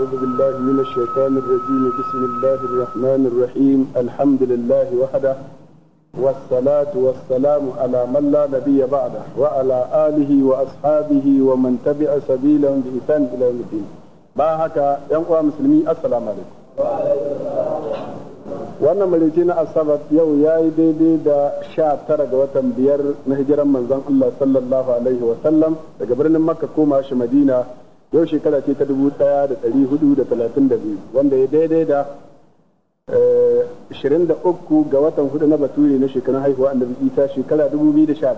أعوذ بالله من الشيطان الرجيم بسم الله الرحمن الرحيم الحمد لله وحده والصلاة والسلام على من لا نبي بعده وعلى آله وأصحابه ومن تبع سبيلهم بإحسان إلى يوم الدين باهك يا مسلمين السلام عليكم wannan marici na asabar yau ya yi daidai da sha tara ga watan biyar na hijiran manzon Allah sallallahu alaihi wasallam daga birnin makka koma shi madina yau shekara ce ta dubu ɗaya da ɗari hudu da talatin da biyu wanda ya daidai da eh, ashirin da uku ga watan hudu na baturi na shekarun haihuwa annabi isa shekara dubu biyu da sha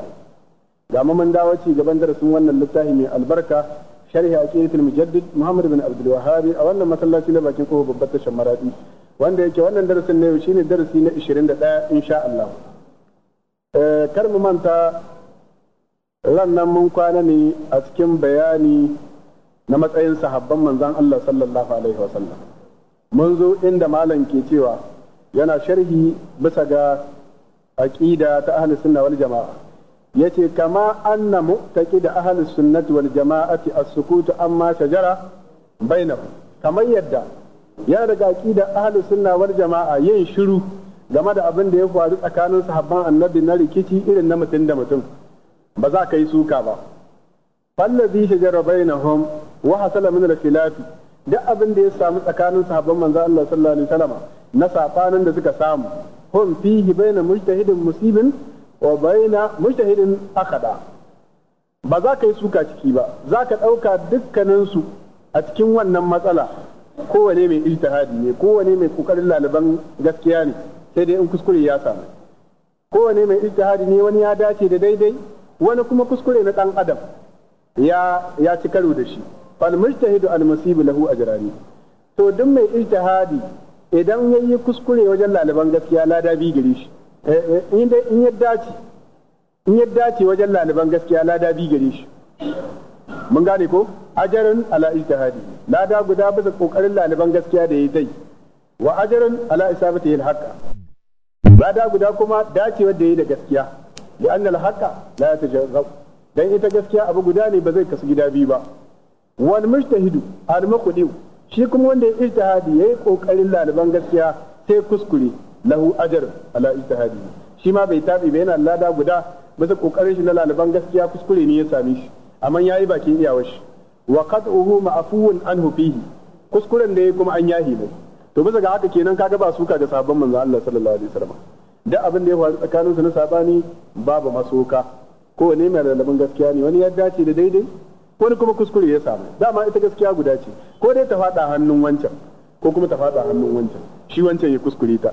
ga maman dawo ci gaban darasin wannan littafi mai albarka sharhi a Filmi mujaddid muhammad bin abdul wahabi a wannan masallaci na bakin kofar babbar tashar maradi wanda yake wannan darasin na yau shine darasi na ɗaya insha Allah eh, kar mu manta ran nan mun kwana ne a cikin bayani na matsayin sahabban manzon Allah sallallahu alaihi wasallam mun zo inda malam ke cewa yana sharhi bisa ga aƙida ta ahli sunna wal jama'a Ya yace kama anna mu'taqid ahli sunnati wal jama'ati sukutu an ma shajara bainahum kamar yadda ya daga aqida ahli sunna wal jama'a yin shiru game da abin da ya faru tsakanin sahabban annabi na rikici irin na mutum da mutum ba za ka yi suka ba fallazi shajara bainahum wa hasala min al-khilaf duk abin da ya samu tsakanin sahabban manzo Allah sallallahu alaihi wasallam na safanin da suka samu hum fihi baina mujtahidin musibin wa baina mujtahidin akada ba za ka yi suka ciki ba za ka ɗauka dukkaninsu a cikin wannan matsala kowane mai ijtihadi ne kowane mai kokarin laliban gaskiya ne sai dai in kuskure ya samu kowane mai ijtihadi ne wani ya dace da daidai wani kuma kuskure na ɗan adam ya ya ci karo da shi fal mujtahidu al musibu lahu ajrani to duk mai ijtihadi idan yayi kuskure wajen laliban gaskiya lada bi gare shi eh, eh, in ya dace in yadda ci wajen laliban gaskiya lada bi gare shi mun gane ko ajarin ala ijtihadi lada guda bisa kokarin laliban gaskiya da yayi dai wa ajarin ala isabati yin haqqa lada guda kuma dacewar da yayi da gaskiya li anna al haqqa la yatajazza dan ita gaskiya abu guda ne ba zai kasu gida biyu ba wal mujtahidu al maqdi shi kuma wanda ya ijtihadi yayi kokarin laliban gaskiya sai kuskure lahu ajr ala ijtihadi shi ma bai tabi bai yana lada guda bisa kokarin shi na laliban gaskiya kuskure ne ya same shi amma yayi bakin iyawar shi wa qad'uhu ma'fuun anhu fihi kuskuren da yayi kuma an yahi mai to bisa ga haka kenan kaga ba suka ga sabon manzo Allah sallallahu alaihi wasallam da abin da ya faru tsakaninsu na sabani babu masoka Ko ne mai laliban gaskiya ne wani ya dace da daidai wani kuma kuskure ya samu dama ita gaskiya guda ce ko dai ta faɗa hannun wancan ko kuma ta faɗa hannun wancan shi wancan ya kuskure ta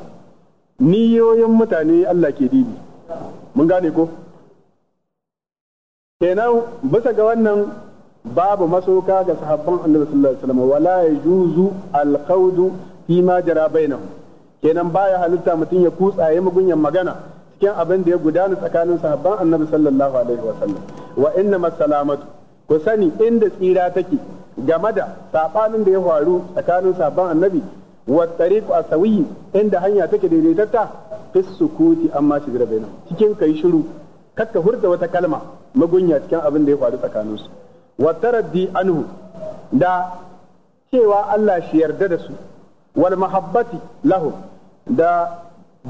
niyoyin mutane Allah ke dibi mun gane ko kenan bisa ga wannan babu masoka ga sahabban annabi sallallahu alaihi wasallam wala yajuzu alqawdu fi ma jara bainahum kenan baya halitta mutum ya kutsa ya mugunyan magana cikin abin da ya gudana tsakanin sahabban annabi sallallahu alaihi wasallam wa inna masalamatu ku sani inda tsira take game da sabanin da ya faru tsakanin sabon annabi wa tariqu asawi inda hanya take daidaitatta fi sukuti amma shigira bainahum cikin kai shiru kakka hurda wata kalma magunya cikin abin da ya faru tsakanin su wa taraddi anhu da cewa Allah shi yarda da su wal mahabbati lahum da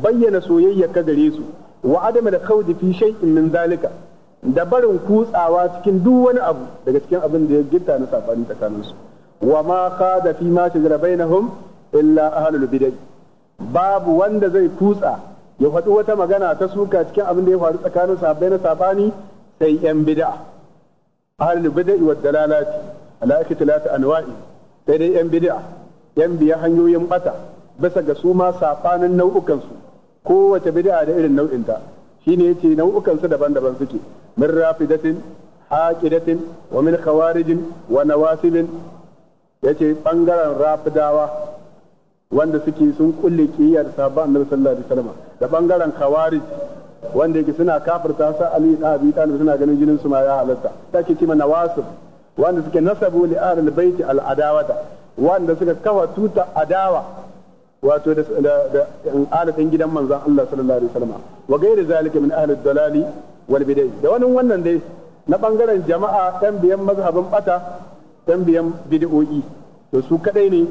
bayyana soyayya ka gare su wa da khawdi fi shay'in min zalika da barin kutsawa cikin duk wani abu daga cikin abin da ya gitta na sabani su wa ma khada fi ma shajara bainahum illa ahlul bidai. babu wanda zai kutsa ya faɗi wata magana ta suka cikin abin da ya faru tsakanin sahabbai na safani sai yan bid'a ahlul bidai wa dalalati ala ikhtilaf anwa'i sai dai yan bid'a yan biya hanyoyin bata bisa ga su ma safanin nau'ukan su kowace bid'a da irin nau'inta shine yace nau'ukan su daban-daban suke min rafidatin haqidatin wa min khawarijin wa nawasibin yace bangaren rafidawa wanda suke sun kulle kiyar sabon annabi sallallahu alaihi wasallam da bangaren khawarij wanda yake suna kafirta sa ali da abi talib suna ganin jinin su ma ya halatta take cewa nawasib wanda suke nasabu li baiti al adawata wanda suka kawa tuta adawa wato da alatin gidan manzon Allah sallallahu alaihi wasallam wa gairi zalika min ahli dalali wal bidai da wani wannan dai na bangaren jama'a ɗan biyan mazhabin bata ɗan biyan bid'o'i to su kadai ne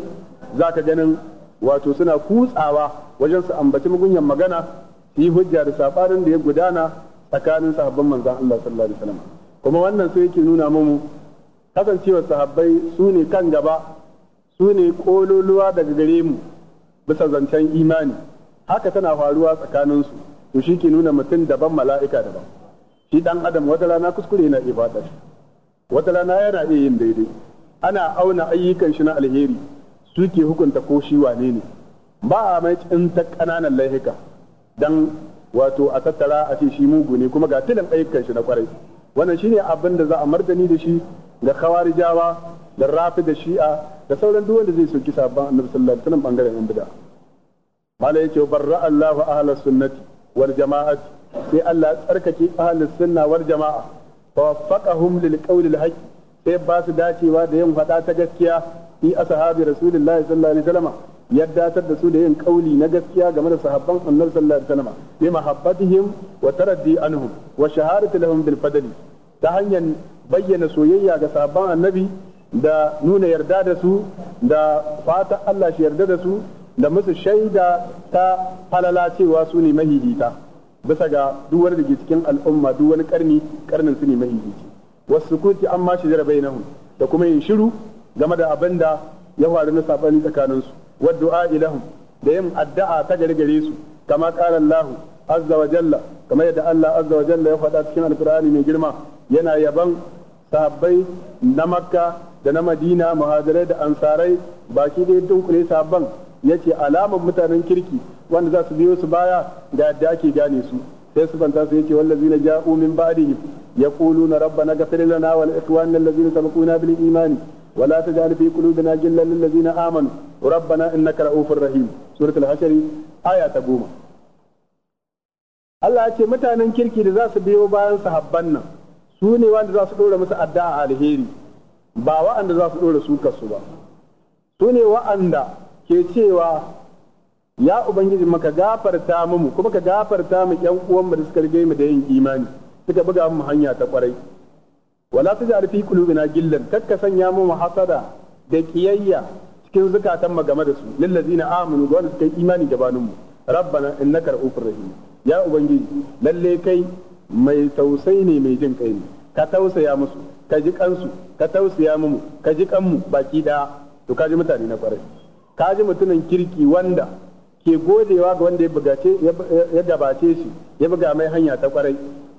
zaka ganin wato suna kutsawa wajen su ambaci mugunyan magana su yi hujja da sabarin da ya gudana tsakanin sahabban manzon Allah sallallahu alaihi wasallam kuma wannan sai yake nuna mu kasancewar sahabbai su ne kan gaba su ne kololuwa daga gare mu bisa zancen imani haka tana faruwa tsakanin su to shi ke nuna mutum daban mala'ika daban shi dan adam wata rana kuskure yana shi wata rana yana iya yin daidai ana auna ayyukan shi na alheri suke hukunta ko shi wane ne ba a mai in ta ƙananan laihika dan wato a tattara a ce shi mugu ne kuma ga tilin ayyukan shi na kwarai wannan shine abin da za a martani da shi ga khawarijawa da rafi da shi'a da sauran duk wanda zai soki sabon annabi sallallahu alaihi wasallam bangaren yan bid'a mala yace barra Allahu ahla sunnati wal jama'ati sai Allah tsarkake ahli sunna wal jama'a tawaffaqahum lil qawli al haqq sai ba su dacewa da yin fada ta gaskiya fi ashabi rasulullahi sallallahu alaihi wasallam ya datar da su da yin kauli na gaskiya game da sahabban annabi sallallahu alaihi wasallam bi mahabbatihim wa taraddi anhum wa shaharatu lahum bil fadli ta hanyar bayyana soyayya ga sahabban annabi da nuna yarda da su da fata Allah shi yarda da su da musu shaida ta halala cewa su ne mahidita bisa ga duk wani ke cikin al'umma duk wani karni karnin su ne mahidici wasu kuti an ma shijara nahu. da kuma yin shiru game da abin da ya faru na sabani tsakanin su wa du'a ilahum da yin addu'a ta gare su kama qala Allah azza wa jalla kamar yadda Allah azza wa jalla ya faɗa cikin alqur'ani mai girma yana yaban sahabbai na makka da na madina muhajirai da ansarai ba shi dai dunkule sabon ya ce alamar mutanen kirki wanda za su biyo su baya da yadda ake gane su sai su fanta su yace wallazi na ja'u min ba'dihi yaquluna rabbana ghfir lana wa li allazina sabaquna bil imani wa la taj'al fi qulubina ghillan lil ladzina amanu rabbana innaka ra'ufur rahim suratul hashr aya ta goma Allah ya ce mutanen kirki da za su biyo bayan sahabban nan su ne wanda za su dora musu addu'a alheri ba wa'anda za su ɗora su kasu ba su ne wa'anda ke cewa ya ubangiji maka gafarta mu kuma ka gafarta mu yan uwanmu da suka rige mu da yin imani suka buga mu hanya ta kwarai wala tujar fi qulubina gillan kakka sanya mu hasada da ƙiyayya cikin zukatan mu game da su lillazina amanu ga wanda suka yi imani gabanin mu rabbana innaka ra'ufur rahim ya ubangiji lalle kai mai tausayi ne mai jin kai ne ka tausaya musu ka ji kansu ka tausaya mu ka ji kanmu baki daya to ka ji mutane na kwarai ka ji mutumin kirki wanda ke godewa ga wanda ya bugace ya gabace shi ya buga mai hanya ta kwarai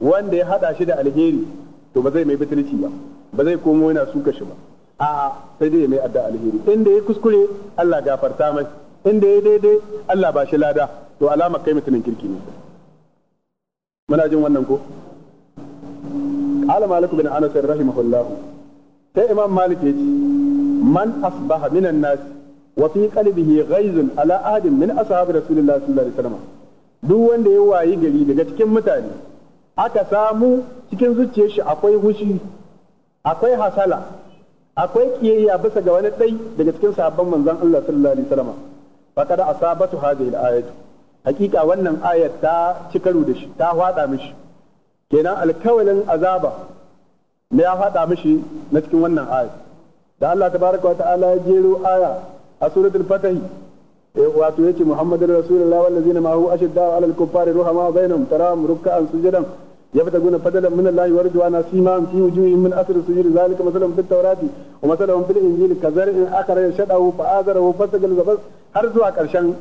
wanda ya hada shi da alheri to ba zai mai bitulci ba ba zai komo yana suka shi ba a sai dai mai adda alheri inda ya kuskure Allah gafarta mai inda ya daidai Allah ba shi lada to alama kai mutumin kirki ne muna jin wannan ko ala malik bin anas rahimahullah sai imam malik yace man asbaha minan nas wa fi qalbihi ghaizun ala ahadin min ashabi rasulillah sallallahu alaihi wasallam duk wanda ya wayi gari daga cikin mutane aka samu cikin zuciyar shi akwai hushi akwai hasala akwai kiyayya bisa ga wani dai daga cikin sahabban manzon Allah sallallahu alaihi wasallam faqad asabatu hadhihi al-ayatu hakika wannan ayat ta ci da shi ta hwada mishi kenan alkawalin azaba ne ya faɗa mishi na cikin wannan aya da Allah tabaraka wa ta'ala ya jero aya a suratul fatih eh, wato yace muhammadur rasulullahi wal ladina ma hu ashaddu ala al kuffari ruhama bainahum taram ruk'an sujudan yabtaguna fadlan min allahi wa rijwana siman fi wujuhihim min athar sujud zalika masalan fit tawrati wa masalan fil injil kazar in akara yashadahu fa azara wa fasagal zabas har zuwa karshen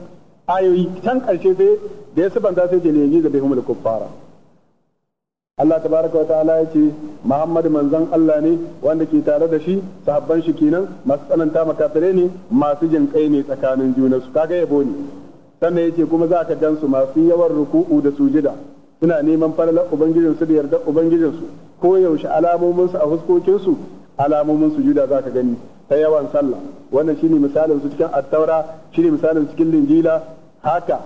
ayoyi can karshe sai da ya sabanta sai je ne yaji da bihumul kuffara Allah tabaraka ta'ala ya ce Muhammadu manzon Allah ne wanda ke tare da shi sahabban shi kenan masu tsananta makafirai ne masu jin kai ne tsakanin juna su kaga yabo ne sannan yace kuma za ka gansu masu yawan ruku'u da sujida suna neman falalar ubangijin su da yardar ubangijin su ko yaushe alamomin su a fuskokin su alamomin sujuda za ka gani ta yawan sallah wannan shine misalin su cikin attaura shine misalin cikin linjila haka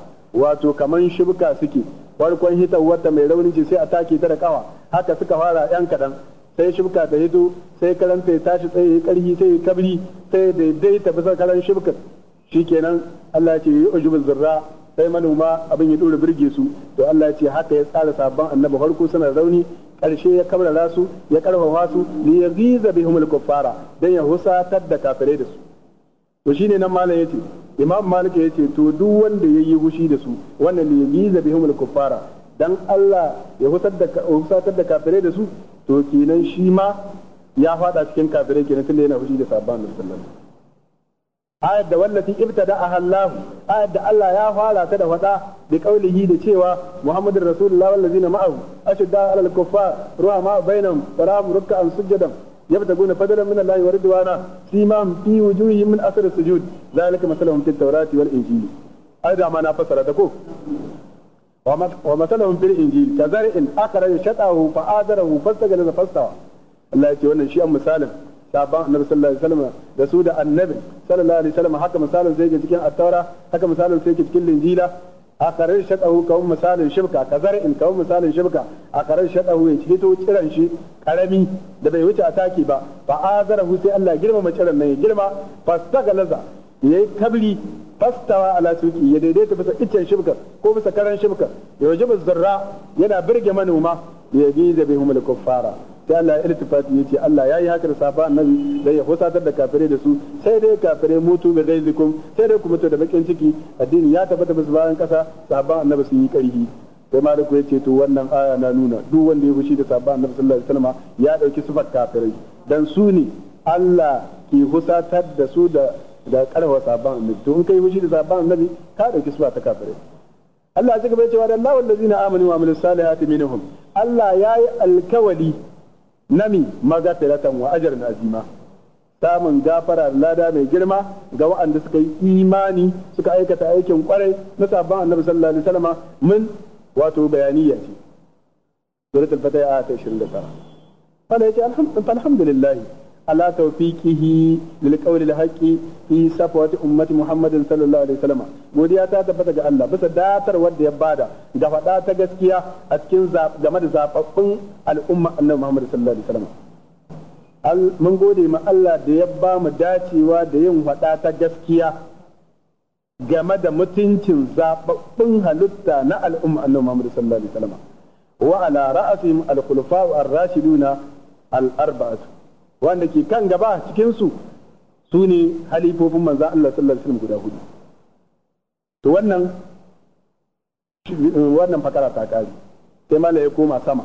wato kaman shibka suke farkon hita wata mai rauni ce sai a take ta da kawa haka suka fara yan kadan sai shibka ta hito sai karanta ya tashi tsaye karhi sai kabri sai daidai ta bisa karan shibkar shikenan Allah ce yi ujubu zurra sai manoma abin ya dora birge su to Allah ce haka ya tsara sabon annabi farko suna rauni karshe ya kabrara su ya karfafa su ya yagiza bihumul kuffara dan ya husatar da kafirai da su to shine nan malam yace imam malik yace to duk wanda yayi gushi da su wannan ne yagiza bihumul kuffara dan Allah ya husar da husatar da kafirai da su to kenan shi ma ya fada cikin kafirai kenan tunda yana fushi da sabban annabi sallallahu ayat da wallati ibtada Allah ayat da Allah ya fara ta da fada da kaulihi da cewa Muhammadur Rasulullah wallazina ma'ahu ashadda alal kuffar ruha ma bainahum wa ruk'an يبتغون فضلا من الله ورضوانا سيماهم في وجوههم من أثر السجود ذلك مثلهم في التوراة والإنجيل أيضا ما نفسر تكو ومثلهم في الإنجيل كزرع أخرج شطأه فآذره فاستغلظ فاستوى الله يتي wannan shi an misalin sabon annabi sallallahu alaihi wasallam da su da annabi sallallahu alaihi wasallam haka misalin sai yake cikin at haka misalin sai yake cikin linjila A akarar shaɗahu kawun misalin shibka ka in kawun misalin shibka akarar shaɗahu ya fito kiran shi ƙarami da bai wuce a taki ba fa azarahu sai Allah girmama kiran nan ya girma fastagalaza yayi kabri fastawa ala suki ya daidaita bisa iccen shibkar ko bisa karan shibkar ya wajibu zurra yana birge manoma ya bi da bihumul kuffara sai Allah ya iltifati ce Allah ya yi haka da safa annabi dan ya fusatar da kafirai da su sai dai kafirai mutu bi ghaizikum sai dai ku mutu da bakin ciki addini ya tabbata musu bayan kasa safa annabi sun yi karhi sai maliku ya ce to wannan aya na nuna duk wanda ya fushi da safa annabi sallallahu alaihi wasallam ya dauki sifar kafirai dan su ne Allah ke fusatar da su da da karfa safa annabi to in kai fushi da safa annabi ka dauki sifar ta kafirai Allah ya ci gaba cewa da Allah wallazina amanu wa amilus salihati minhum Allah ya yi alkawali nami magafiratan wa ajran azima samun gafara lada mai girma ga wa'anda suka yi imani suka aikata aikin kwarai na sabon annabi sallallahu alaihi wasallam mun wato bayaniya ce suratul fataya ta 29 fala yace alhamdulillah ala tawfiqihi lil qawli al haqi fi safwati ummati muhammadin sallallahu alaihi wasallam godiya ta tabbata ga Allah bisa datar wanda ya bada ga fada gaskiya a cikin game da zababbun al'umma annabi muhammad sallallahu alaihi wasallam mun gode ma Allah da ya ba mu dacewa da yin fada ta gaskiya game da mutuncin zababbun halitta na al'umma annabi muhammad sallallahu alaihi wasallam ar-rashiduna al wanda ke kan gaba cikinsu su ne halifofin manzan Allah sallallahu alaihi wasallam guda hudu to wannan wannan fakara ta kare sai mala ya koma sama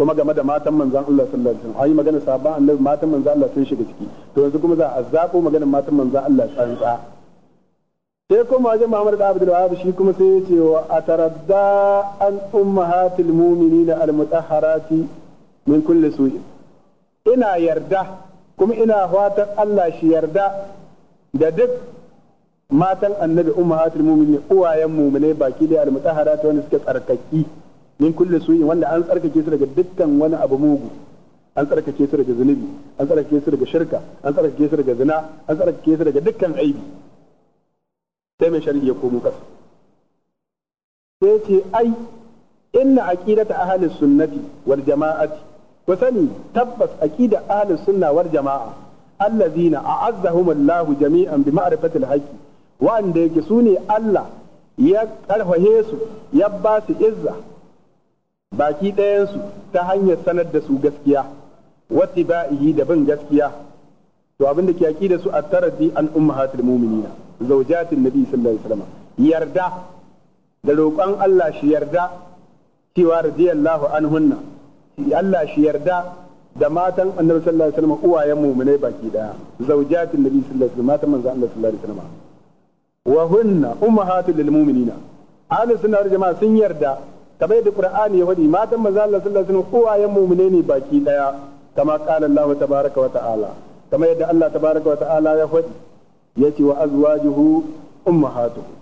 kuma game da matan manzan Allah sallallahu alaihi wasallam ayi magana sahabban annabi matan manzan Allah sun shiga ciki to yanzu kuma za a zabo magana matan manzan Allah tsantsa sai kuma wajen Muhammad da Abdul Wahab shi kuma sai ya ce wa ataradda an ummahatil mu'minina al-mutahharati min kulli su'in ina yarda kuma ina fatan Allah shi yarda da duk matan annabi hatul mu'minin uwayen mu'minai baki da al ta wanda suke tsarkaki min kulli su'in wanda an tsarkake su daga dukkan wani abu mugu an tsarkake su daga zunubi an tsarkake su daga shirka an tsarkake su daga zina an tsarkake su daga dukkan aibi sai mai shari'a ya komo kasa sai ce ai inna aqidata ahli sunnati wal jama'ati ku sani tabbas aqida ahlus sunna wal jama'a allazina a'azzahumullahu jami'an bi ma'rifatil haqqi wanda yake sune Allah ya karfahe su ya ba su izza baki ɗayan su ta hanyar sanar da su gaskiya wati ba'ihi da bin gaskiya to abin da ke aqida su at-taraddi an ummahatil mu'minina zawjatin nabi sallallahu alaihi wasallam yarda da roƙon Allah shi yarda cewa radiyallahu anhunna Allah shi yarda da matan annabi sallallahu alaihi wasallam uwayen mu'minai baki daya zaujatin nabi sallallahu alaihi wasallam matan manzo Allah sallallahu alaihi wasallam wa hunna ummahatul lil mu'minina ahli sunna wal jama'a sun yarda kamar yadda qur'ani ya faɗi matan manzo Allah sallallahu alaihi wasallam uwayen mu'minai ne baki daya kama qala Allah tabaaraka wa ta'ala kama yadda Allah tabaaraka wa ta'ala ya faɗi yace wa azwajuhu ummahatuhu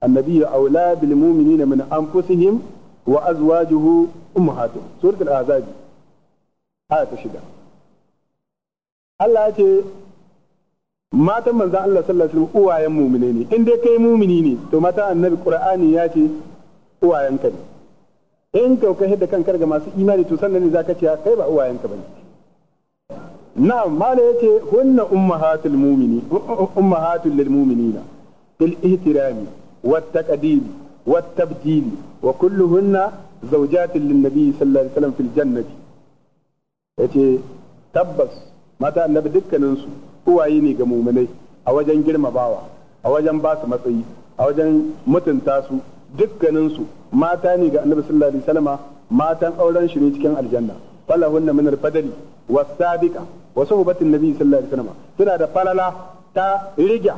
annabiyyu aula bil mu'minina min anfusihim wa azwajuhu ummahatuhum suratul azab aya ta shida Allah ya ce matan manzan Allah sallallahu alaihi wasallam uwayen mumine ne in dai kai mumini ne to matan annabi qur'ani ya ce uwayen ka ne in ka kai da kankar ga masu imani to sannan ne zaka ce kai ba uwayen ka bane na'am mala yace hunna ummahatul mu'mini ummahatul lil mu'minina bil ihtirami wat taqdim والتبديل وكلهن زوجات للنبي صلى الله عليه وسلم في الجنة yace tabbas mata annabi dukkanin su uwaye ne ga muminai a wajen girmamawa a wajen ba matsayi a wajen mutunta su dukkanin mata ne ga annabi sallallahu matan auren shi ne cikin aljanna falahunna min al-fadli was-sabiqa wa suhbatin suna da falala ta riga.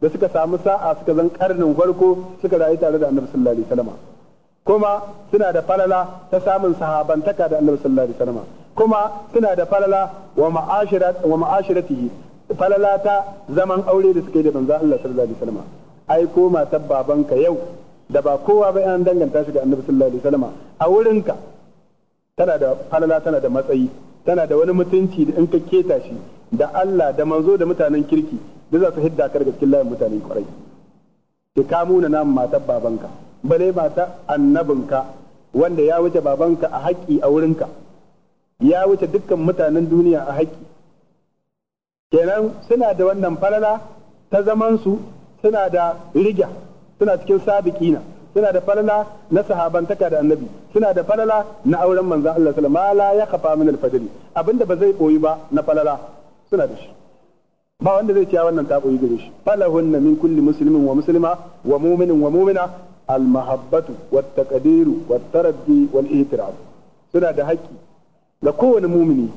da suka samu sa'a suka zan karnin farko suka rayu tare da annabi sallallahu alaihi wasallam kuma suna da falala ta samun sahabantaka da annabi sallallahu alaihi wasallam kuma suna da falala wa ma'ashirat wa ma'ashiratihi falala ta zaman aure da suka yi da manzo Allah sallallahu alaihi wasallam ai ko matar ka yau da ba kowa ba an danganta shi da annabi sallallahu alaihi wasallam a wurinka tana da falala tana da matsayi tana da wani mutunci da in ka keta shi da Allah da manzo da mutanen kirki duk za su hidda ka daga cikin layin mutane kwarai ki kamo na nan matar babanka bale mata annabinka wanda ya wuce babanka a haƙƙi a wurinka ya wuce dukkan mutanen duniya a haƙƙi kenan suna da wannan falala ta zamansu suna da rigya suna cikin sabiƙina suna da falala na sahabantaka da annabi suna da falala na auren manzan Allah sallallahu alaihi wasallam la ya kafa min al abinda ba zai koyi ba na falala suna da shi ba wanda zai ce wannan ta koyi gare shi falahunna min kulli muslimin wa muslima wa mu'minin wa mu'mina al mahabbatu wat taqdiru wat taraddi wal ihtiram suna da haƙƙi ga kowane mumini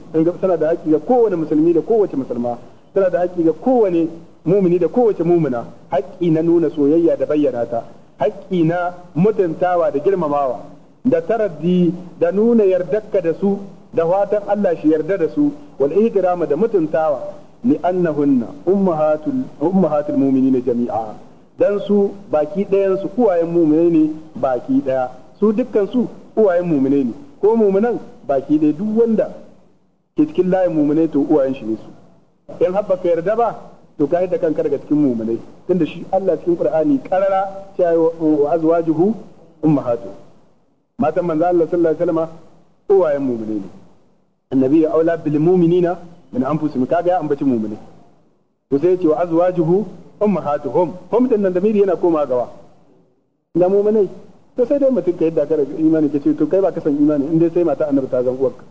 suna da haƙƙi ga kowane musulmi da kowace musulma suna da haƙƙi ga kowane mumini da kowace mumina haƙƙi na nuna soyayya da bayyana ta haƙƙi na mutuntawa da girmamawa da taraddi da nuna yardarka da su da watan Allah shi yarda da su wal ihtirama da mutuntawa li'annahunna ummahatul ummahatul mu'minina jami'a dan su baki ɗayan su uwayen mu'minai ne baki ɗaya su dukkan su uwayen mu'minai ne ko mumunan baki ɗaya duk wanda ke cikin layin mu'minai to uwayen shi ne su in habba ka yarda ba to ka da kanka daga cikin mu'minai tunda shi Allah cikin Qur'ani karara cewa wa azwajuhu ummahatu matan manzo Allah sallallahu alaihi wasallam uwayen mu'minai ne annabi ya aula bil mu'minina min anfusihim kaga ya ambaci mu'mini to sai ya ce wa azwajuhu ummahatuhum hum din nan da miri yana koma gawa da mu'minai to sai dai mutum ka yadda ka rabu imani ka ce to kai ba ka san imani in dai sai mata annabi ta zan uwarka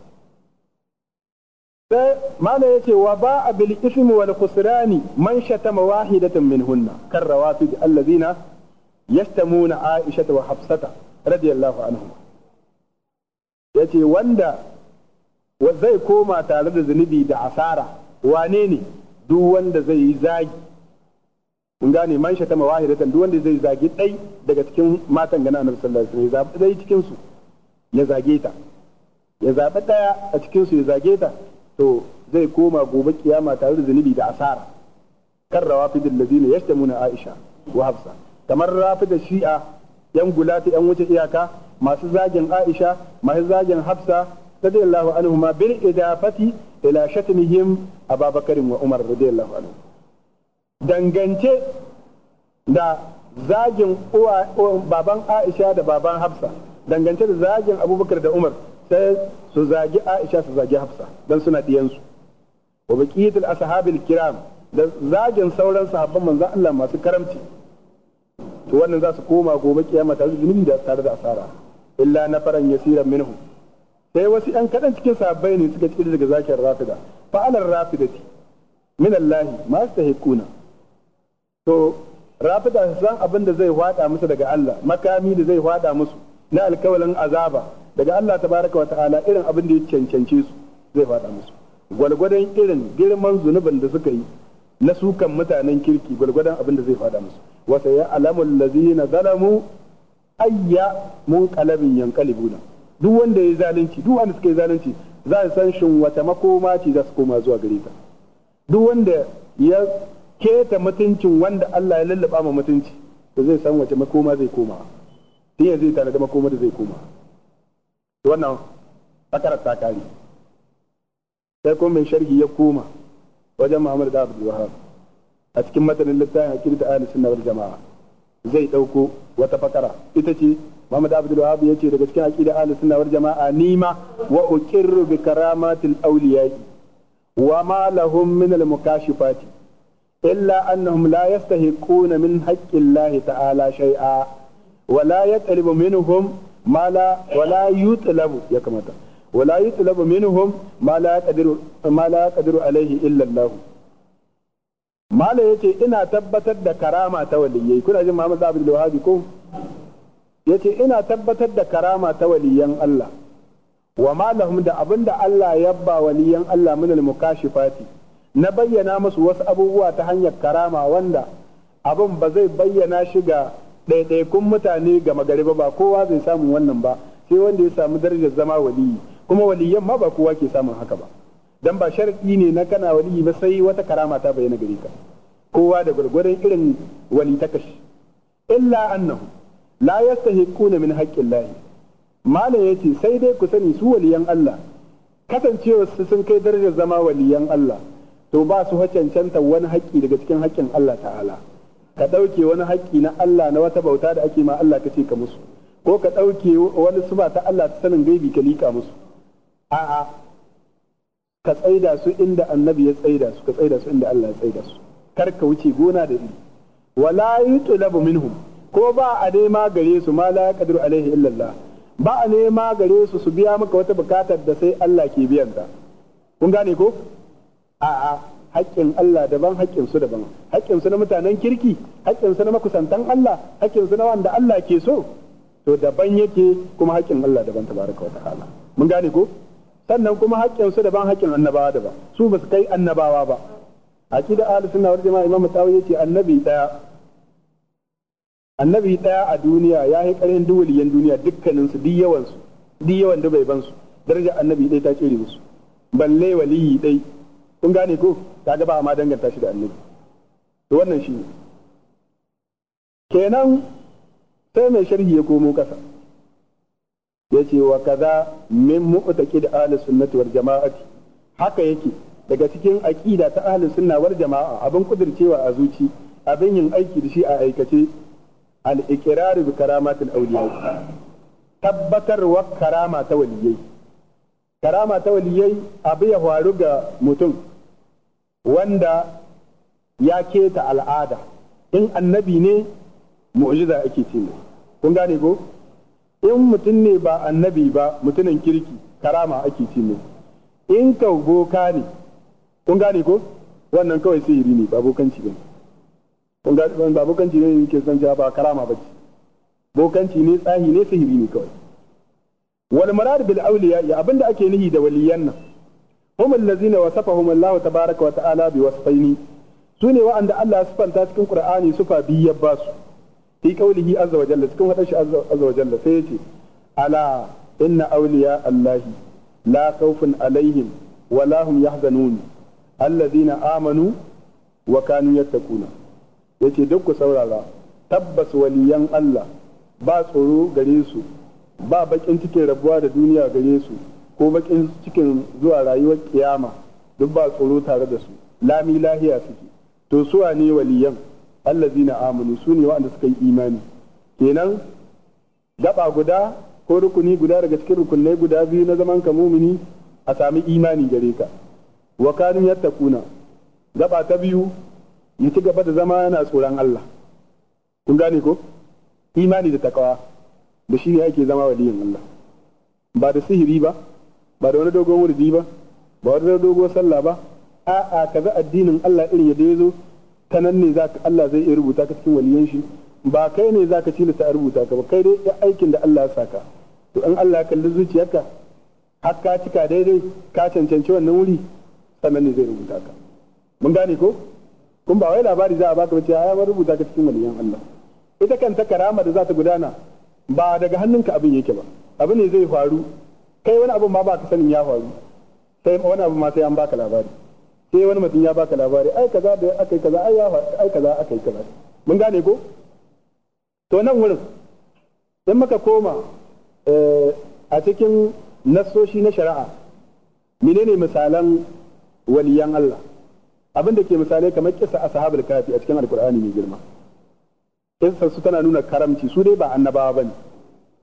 sai mana ya ce wa ba a ismi wal khusrani man shatama wahidatan minhunna kan rawafid allazina yashtamuna aisha wa hafsata radiyallahu anhu yace wanda wa zai koma tare da zunubi da asara wane ne duk wanda zai yi zagi mun gane man shata mawahidatan duk wanda zai zagi dai daga cikin matan gana annabi sallallahu alaihi wasallam zai cikin su ya zage ta ya zabi ɗaya a cikin su ya zage ta to zai koma gobe kiyama tare da zunubi da asara kan rawafidul ladina yashtamuna aisha wa hafsa kamar rafida shi'a yan gulati yan wuce iyaka masu zagin aisha masu zagin hafsa radiyallahu anhuma bil idafati ila shatmihim ababakarin wa dangance da zagin uwa baban aisha da baban hafsa dangance da zagin abubakar da umar sai su zagi aisha su zagi hafsa don suna diyansu wa baqiyatul ashabil kiram da zagin sauran sahabban manzon Allah masu karamci to wannan za su koma gobe kiyama tare da tare da asara illa nafaran yasiran minhum sai wasu yan kaɗan cikin sahabbai ne suka cire daga zakin rafida fa'alar rafida rafidati min Allah ma kuna to rafida su san abin da zai hwada musu daga Allah makami da zai hwada musu na alkawalin azaba daga Allah ta baraka wa ta'ala irin abin da ya cancance su zai hwada musu gwalgwadon irin girman zunubin da suka yi na sukan mutanen kirki gwalgwadon abin da zai fada musu wasa ya alamul lazina zalamu ayya mun yankali buna. duk wanda ya zalunci duk wanda suka yi zalunci za a san shin wata makoma ce za su koma zuwa gare ta duk wanda ya keta mutuncin wanda Allah ya lallaba ma mutunci to zai san wace makoma zai koma tun yanzu zai tanada makoma da zai koma to wannan fakara ta kare sai kuma mai sharhi ya koma wajen Muhammad da Abdul Wahab a cikin matanin littafin hakiki ahlus sunna wal jamaa zai dauko wata fakara ita ce Muhammad Abdul Wahab yace daga cikin aqida ahlus sunna wal jamaa nima wa uqirru bi karamatil awliya wa ma lahum min al mukashifati illa annahum la yastahiquna min haqqi Allah ta'ala shay'a wa la yatalibu minhum ma la wa la yutlabu ya kamata wa la yutlabu minhum ma la yaqdiru ma la yaqdiru alayhi illa Allah Mala yace ina tabbatar da karama ta waliyai kuna jin Muhammad Abdul Wahab ko yace ina tabbatar da karama ta waliyan Allah wa da abin da Allah ya ba waliyan Allah min al fati na bayyana musu wasu abubuwa ta hanyar karama wanda abin ba zai bayyana shi ga ɗaiɗaikun mutane ga magariba ba kowa zai samu wannan ba sai wanda ya samu darajar zama waliyi kuma waliyan ma ba kowa ke samun haka ba dan ba sharadi ne na kana waliyi ba sai wata karama ta bayyana gare ka kowa da gurgurdan irin wali illa annahu la yastahiquna min haqqillahi malam ce sai dai ku sani su waliyan Allah kasancewa su sun kai darajar zama waliyan Allah to ba su hacancanta wani haƙƙi daga cikin haƙƙin Allah ta'ala ka ɗauke wani haƙƙi na Allah na wata bauta da ake ma Allah ka ce ka musu ko ka ɗauke wani suba ta Allah ta sanin gaibi ka liƙa musu a'a ka tsaida su inda annabi ya tsaida su ka tsaida su inda Allah ya tsaida su kar ka wuce gona da iri wala yutlabu minhum ko ba a nema gare su ma la yaqdiru alaihi illallah ba a nema gare su su biya maka wata bukatar da sai Allah ke biyan ta kun gane ko a'a haƙƙin Allah daban haƙƙin su daban haƙƙin su na mutanen kirki haƙƙin su na makusantan Allah haƙƙin su na wanda Allah ke so to daban yake kuma haƙƙin Allah daban tabaraka wa ta'ala mun gane ko sannan kuma haƙƙin su daban haƙƙin annabawa daban su ba su kai annabawa ba aqida ahlus sunna wal jamaa imam ce annabi daya annabi daya a duniya ya yi karin duwaliyan duniya dukkaninsu duk yawansu duk yawan da bai ban su annabi dai ta cire musu balle waliyi dai kun gane ko ta gaba ma danganta shi da annabi to wannan shi kenan sai mai sharhi ya komo kasa ya ce wa kaza min da ahli sunnati wal jama'ati haka yake daga cikin aqida ta ahli sunna wal jama'a abin kudircewa a zuci abin yin aiki da shi a aikace al-iqrar bi karamatil awliya tabbatarwa karama ta waliyai karama ta waliyai abu ya faru ga mutum wanda ya keta al'ada in annabi ne mu'jiza ake cewa kun gane ko in mutum ne ba annabi ba mutumin kirki karama ake cewa in ka boka ne kun gane ko wannan kawai sihiri ne ba bokanci ba kun ga ba bokanci ne yake son ja ba karama ba bokanci ne tsahi ne sihiri ne kawai wal murad bil awliya abinda ake nihi da waliyan nan hum allazina wasafahum Allah tabaaraka wa ta'ala bi wasfaini sune wa'anda Allah ya sifanta cikin Qur'ani sufa biyar ba su fi qaulihi azza wa jalla cikin wadan shi azza wa jalla sai yace ala inna awliya Allah la khawfun alaihim wa la hum yahzanun allazina amanu wa kanu yattaquna yace duk ku saurara tabbas waliyan Allah ba tsoro gare su ba bakin cikin rabuwa da duniya gare su ko bakin cikin zuwa rayuwar kiyama duk ba tsoro tare da su lami lahiya suke to suwa ne waliyan Allah zina amanu su ne waɗanda suka yi imani kenan gaba guda ko rukuni guda daga cikin rukunai guda biyu na zaman ka mumini a sami imani gare ka wa kanu yattaquna gaba ta biyu ya ci gaba da zama yana tsoron Allah kun gane ko imani da takawa da shi ne ake zama waliyin Allah ba da sihiri ba ba da wani dogon wurdi ba ba wani dogon sallah ba a'a kaza addinin Allah irin yadda ya zo ta nan ne za ka Allah zai iya rubuta ka cikin waliyan shi ba kai ne za ka ci ta rubuta ka ba kai dai ya aikin da Allah ya saka to in Allah ya kalli zuciyarka har ka cika daidai ka cancanci wannan wuri sannan ne zai rubuta ka mun gane ko kun ba wai labari za a baka ba ce ya rubuta ka cikin waliyan Allah ita kanta karama da za ta gudana ba daga hannunka abin yake ba abin ne zai faru kai wani abin ma baka sanin ya faru sai wani abin ma sai an baka labari sai wani mutum ya baka labari ai kaza da aka yi kaza ai ya ai kaza aka yi kaza mun gane ko to nan wurin in muka koma eh, a cikin nasoshi na shari'a menene misalan waliyan Allah abin da ke misali kamar kisa ashabul kafi a cikin alkur'ani mai girma kisa su tana nuna karamci su dai ba annabawa bane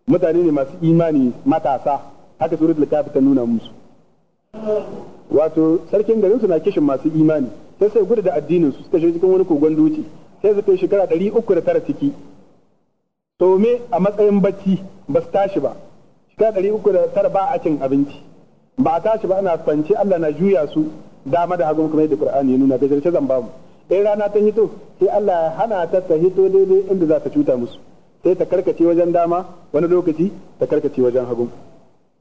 mutane ne masu imani matasa haka suratul kafi ta nuna musu wato sarkin garin su na kishin masu imani sai sai gudu da addinin su suka shiga cikin wani kogon duci sai suka yi shekara ɗari uku da tara ciki me a matsayin bacci ba su tashi ba shekara ɗari uku da tara ba a cin abinci ba a tashi ba ana kwance Allah na juya su dama da hagu kuma yadda Qur'ani ya nuna gajarce zan ba mu in rana ta hito sai Allah ya hana ta ta hito daidai inda za ta cuta musu sai ta karkace wajen dama wani lokaci ta karkace wajen hagu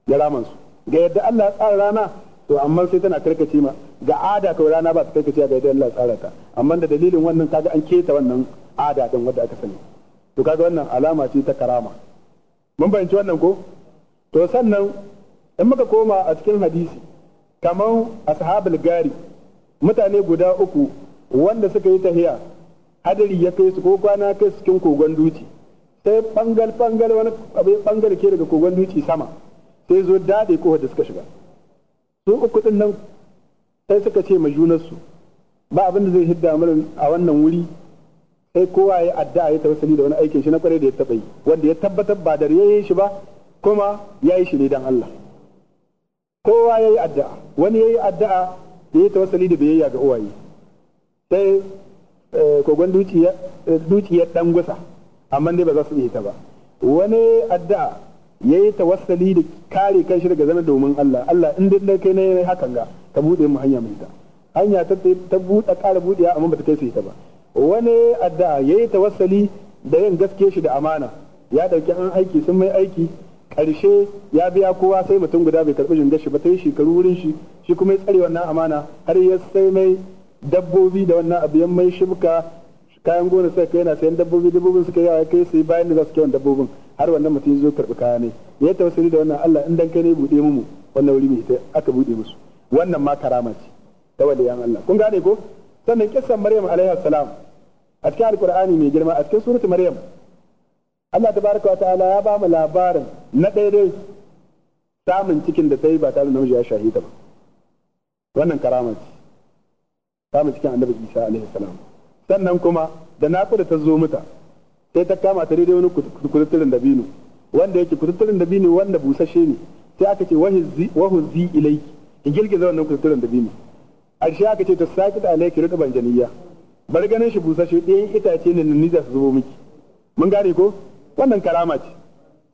ya raman su ga yadda Allah ya tsara rana to amma sai tana karkace ma ga ada kawai rana ba ta karkace ga yadda Allah ya tsara ta amma da dalilin wannan kaga an keta wannan ada din wanda aka sani to kaga wannan alama ce ta karama mun bayanci wannan ko to sannan in muka koma a cikin hadisi kamar ashabul gari mutane guda uku wanda suka yi tahiya hadari ya kai su ko kwana kai su cikin kogon duci sai bangal bangal wani abu bangal ke daga kogon duci sama sai zo dade ko da suka shiga su uku din nan sai suka ce ma junansu ba abin da zai hidda mu a wannan wuri sai kowa ya addu'a ya tawassuli da wani aikin shi na kware da ya taba yi wanda ya tabbatar ba da yayin shi ba kuma ya yi shi ne dan Allah kowa ya yi addu'a wani ya yi addu'a da ya tawassali da biyayya ga uwaye sai eh, kogon dukiyar dan gusa amma dai ba za su iya ta ba wani addu'a ya yi tawassali da kare kan shi daga zama domin Allah Allah in dai kai ne hakan ga ka buɗe mu hanya mai ta hanya ta ta buɗe ƙara buɗewa amma ba ta kai su ita ba wani addu'a ya yi tawassali da yin gaske shi da amana ya dauki an aiki sun mai aiki ƙarshe ya biya kowa sai mutum guda bai karbi jingar shi ba ta yi shekaru wurin shi shi kuma ya tsare wannan amana har ya sai mai dabbobi da wannan abu yan mai shibka kayan gona sai kai yana sayan dabbobi dabbobin suka yawa kai sai bayan da za su kiwon dabbobin har wannan mutum ya zo karbi kaya ne ya tausayi da wannan Allah in dan kai ne buɗe mu wannan wuri mai ta aka buɗe musu wannan ma karama ce ta waliyan Allah kun gane ko sannan kissan Maryam alaihi salam a cikin alƙur'ani mai girma a cikin surutu Maryam Allah Ta baraka wa ta'ala ya ba mu labarin na ɗaya dai samun cikin da ta yi ba tare da namiji ya shahida ba wannan karama ce samun cikin annabi Isa alaihi salam sannan kuma da naƙuda ta zo mata sai ta kama ta daidai wani kututturin dabino wanda yake kututturin dabino wanda busashe ne sai aka ce wahuzzi ilai ki girgiza wannan kututturin dabino a shi aka ce ta saki da alaiki ban janiya bar ganin shi busashe ɗaya itace ne na niza su zubo miki mun gane ko wannan karama ce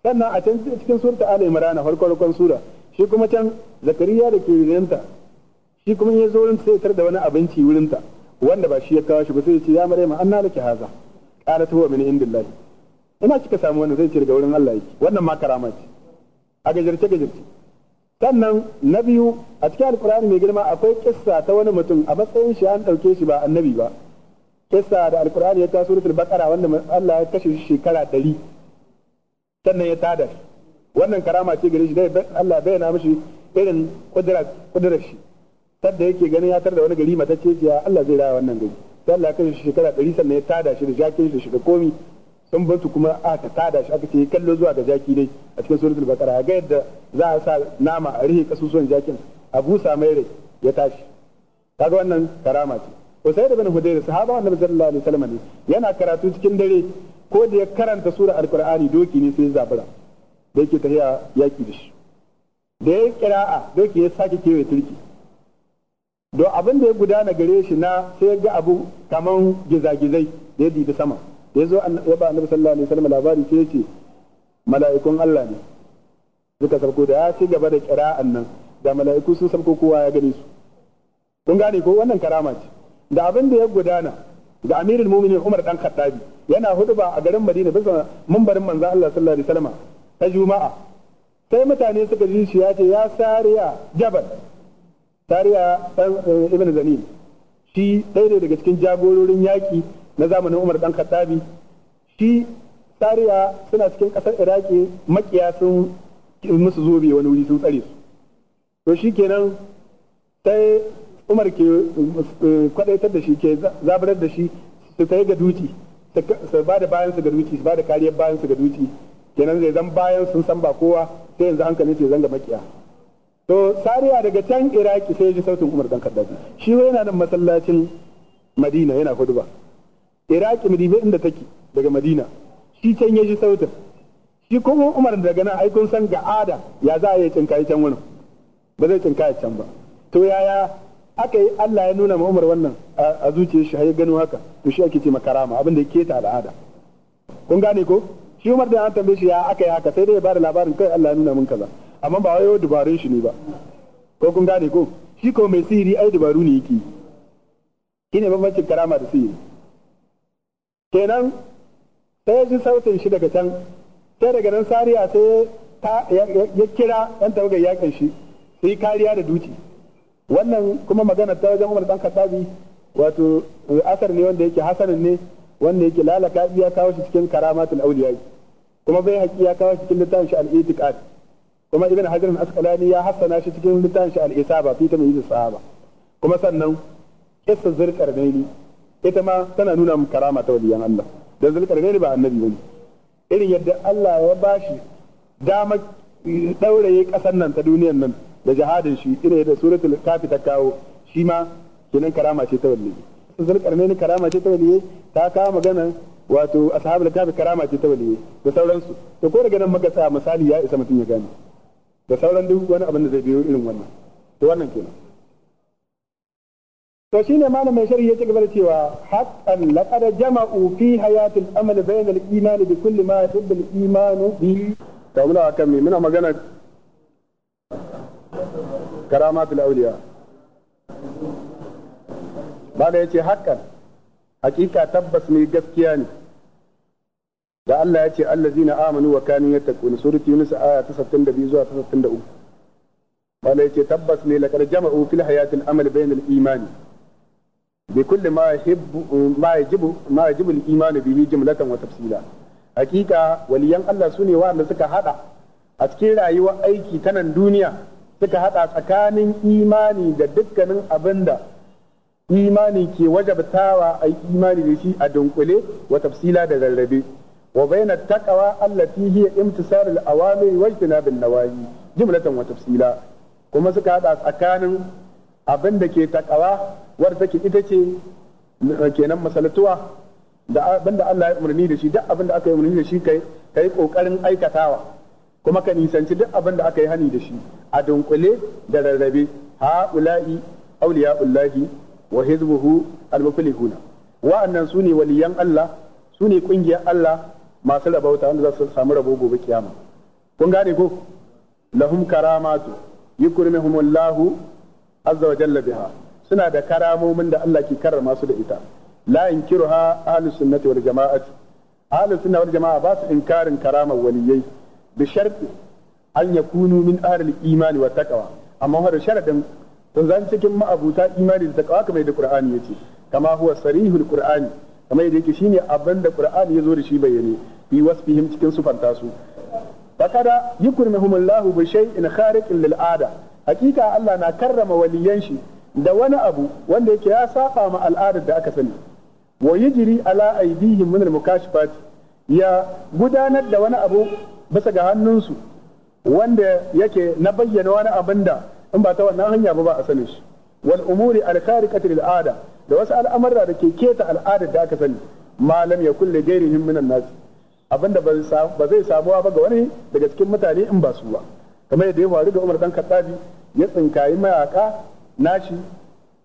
sannan a can cikin surta ala imran a farko farkon sura shi kuma can zakariya da ke wurinta shi kuma ya zo wurin sai tar da wani abinci wurinta wanda ba shi ya kawo shi ba sai ya ce ya maryama anna laki haza qalat huwa min indillah ina kika samu wani zai ce daga wurin Allah yake wannan ma karama ce a gajarce gajarce sannan na biyu a cikin alkur'ani mai girma akwai kissa ta wani mutum a matsayin shi an ɗauke shi ba annabi ba kissa da alkur'ani ya taso suratul baqara wanda Allah ya kashe shi shekara ɗari sannan ya tada shi wannan karama ce gare shi dai Allah bai na mishi irin kudura kudurar shi sadda yake ganin ya tarda wani gari mata ce ya Allah zai rawa wannan gari sai Allah kashe shi shekara 100 sannan ya tada shi da jakin shi shiga komi sun bantu kuma aka tada shi aka ce kallo zuwa ga jaki dai a cikin suratul baqara ga yadda za a sa nama a rihe kasusuwan jakin a busa mai rai ya tashi kaga wannan karama ce Usaid ibn Hudayr sahaba Annabi sallallahu alaihi wasallam ne yana karatu cikin dare ko da ya karanta sura alkur'ani doki ne sai zabura da yake tafiya yaki da shi da ya kira'a doki ya sake kewaye turki don abin da ya gudana gare shi na sai ya ga abu kaman gizagizai da ya dibi sama da ya zo ya ba annabi sallallahu alaihi wasallam labari sai ya ce mala'ikun Allah ne suka sabko da ya ci gaba da kira'an nan da mala'iku sun sabko kowa ya gane su kun gane ko wannan karama ce da abin da ya gudana ga amirul mu'minin Umar dan Khattabi yana huduba a garin Madina bisa mambarin manzo Allah sallallahu alaihi wasallam ta Juma'a sai mutane suka ji shi ya ce ya Sariya Jabal Sariya eh, ibn Zanin shi ɗaya ne daga cikin jagororin yaƙi na zamanin Umar dan Khattabi shi Sariya suna cikin ƙasar Iraki makiya sun musu zobe wani wuri sun tsare su to shikenan sai umar ke eh, kwadaitar da shi ke zabarar da shi su sai ga duci su ba da bayan su ga duci su ba da kariyar bayan su ga duci kenan zai zan bayan sun san ba kowa sai yanzu hankalin sai zanga makiya to sariya daga can iraki sai ji sautin umar dan kaddafi shi yana nan masallacin madina yana huduba iraki madina inda take daga madina shi can ya ji sautin shi kuma umar daga nan aikun san ga ada ya za a yi cinkaye can wani ba zai cinkaye can ba to yaya aka yi Allah ya nuna ma Umar wannan a zuciyar shi ya gano haka to shi ake ce ma karama abin da ya keta al'ada kun gane ko shi Umar da an tambaye shi ya aka yi haka sai dai ya bada labarin kai Allah ya nuna mun kaza amma ba wai dubarun shi ne ba ko kun gane ko shi ko mai sihiri ai dubaru ne yake ne bambancin karama da sihiri kenan sai ya ji sautin shi daga can sai daga nan sariya sai ya kira yan tawagar yakin shi sai kariya da duci wannan kuma magana ta wajen Umar dan Khattabi wato eh, asar ne wanda yake hasanin ne wanda yake lalaka ya kawo shi cikin karamatul awliya kuma bai haƙi ya kawo shi cikin littafin shi al-itiqad kuma ibn hajar al-asqalani ya hassana shi cikin littafin shi al-isaba fi tamyiz sahaba kuma sannan kissa zulqarnaini ita ma tana nuna mu karama ta waliyan Allah da dan zulqarnaini ba annabi bane irin yadda Allah ya bashi dama dauraye eh, kasan nan ta duniyar nan da jihadin shi ina da suratul kafi ta kawo shi ma kenan karama ce ta walli ni karama ce ta walli ta kawo magana wato ashabul kafi karama ce ta walli da sauransu to ko daga nan muka sa misali ya isa mutum ya gane da sauran duk wani abin da zai biyo irin wannan to wannan kenan to shine ne mai sharhi ya ci gaba da cewa haqqan laqad jama'u fi hayatil amal al-iman bi kulli ma yuhibbu al iman bi to muna kan muna magana karamatul auliya bala yace hakan hakika tabbas mai gaskiya ne da Allah ya ce allazina amanu wa kanu yattaqun surat yunus aya ta 62 zuwa ta 63 bala yace tabbas ne laqad jama'u fil hayatil amal bainal imani bi kulli ma yuhibbu ma yajibu ma yajibu al iman bihi jumlatan wa tafsila hakika waliyan Allah sune wanda suka hada a cikin rayuwar aiki ta nan duniya suka haɗa tsakanin imani da dukkanin abin da imani ke wajabtawa a imani da shi a dunkule wa tafsila da rarrabe wa bayna taqwa allati hiya imtisar al-awamir wa ijtinab nawahi jumlatan wa tafsila kuma suka haɗa tsakanin abinda ke taqwa war take ita ce eh, kenan masalatuwa da abinda Allah ya umarni da shi duk abinda aka yi umarni da shi kai kai kokarin aikatawa kuma ka nisanci duk abin da aka yi hani da shi a dunkule da rarrabe ha'ula'i auliya'ullahi wa hizbuhu al-muflihuna wa'annan su ne waliyan Allah su ne kungiyar Allah masu rabauta wanda za su samu rabo gobe kiyama kun gane ko lahum karamatu yukrimihumullahu azza wa jalla biha suna da karamomin da Allah ke karrama su da ita la inkiruha ahlus sunnati wal jama'ati ahlus sunna wal jama'a ba su inkarin karamar waliyai bi sharti an yakunu min ahlil imani wa taqwa amma har sharadin to zan cikin ma'abuta imani da taqwa kamar da Qur'ani yace kama huwa sarihul Qur'ani kamar yadda yake shine abin da Qur'ani yazo da shi bayyane bi wasfihim cikin sufanta su fakada yukrimhumullahu bi shay'in khariqin lil ada hakika Allah na karrama waliyan shi da wani abu wanda yake ya saba ma al'adar da aka sani wa yajri ala aydihim min al-mukashifat ya gudanar da wani abu bisa ga hannunsu wanda yake na bayyana wani abin da in ba ta wannan hanya ba ba a sani shi wal umuri al khariqati al'ada da wasu al'amura da ke keta al'ada da aka sani malam ya kulle gairihim minan nas abinda ba zai samuwa ba ga wani daga cikin mutane in ba su ba kamar yadda ya faru da Umar dan Khattabi ya tsinkayi mayaka nashi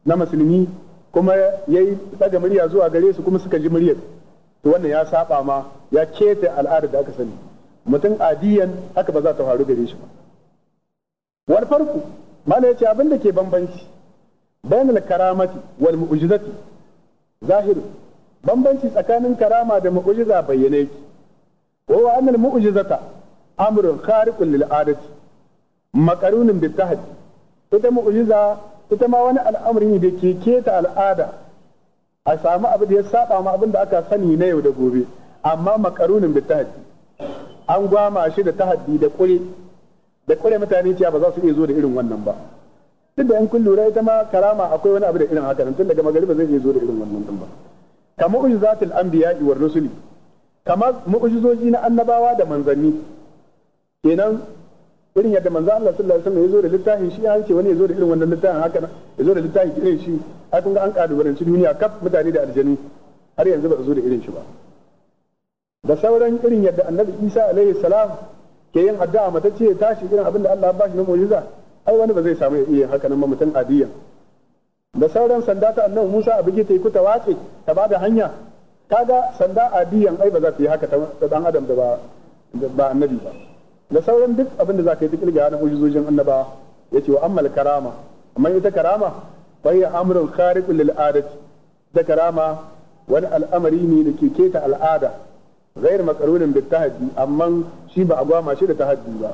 na musulmi kuma yayi daga murya zuwa gare su kuma suka ji muryar to wannan ya saba ma ya keta al'ada da aka sani mutum adiyan haka ba za ta faru gare shi ba farko, farku ya ce abin da ke bambanci bainal karamati wal mu'jizati zahiru bambanci tsakanin karama da mu'jiza bayyane ki wa wa annal mu'jizata amrun khariqun lil adati maqarunin bit tahdi ita mu'jiza ita ma wani al'amari ne da ke keta al'ada a samu abu da ya saba ma abin da aka sani na yau da gobe amma makarunin bit tahdi an gwama shi da tahaddi da kure da kure mutane cewa ba za su iya zo da irin wannan ba duk da in kun lura ita ma karama akwai wani abu da irin haka tun daga magariba zai iya zo da irin wannan din ba kamar mu'jizatul anbiya'i war rusuli kamar mu'jizoji na annabawa da manzanni kenan irin yadda manzo Allah sallallahu alaihi wasallam ya zo da littafin shi an ce wani ya zo da irin wannan littafin haka ya zo da littafin irin shi ai kun ga an kalubalanci duniya kaf mutane da aljanu har yanzu ba su zo da irin shi ba da sauran irin yadda annabi isa alaihi salam ke yin addu'a mata ce tashi irin abin da Allah ba shi na mu'jiza ai wani ba zai samu iya haka nan mutum adiyan da sauran sanda ta annabi Musa a bige ta yi kuta ta ba da hanya kaga sanda adiyan ai ba za ta yi haka ta dan adam da ba ba annabi ba da sauran duk abin da za ka yi ta kirga na mu'jizojin annaba ce wa ammal karama amma ita karama fa hiya amrun khariqun lil adati da karama wani al'amari ne da ke keta al'ada غير مقرون بالتهدي أما شي بأقوى ما شي تهدي با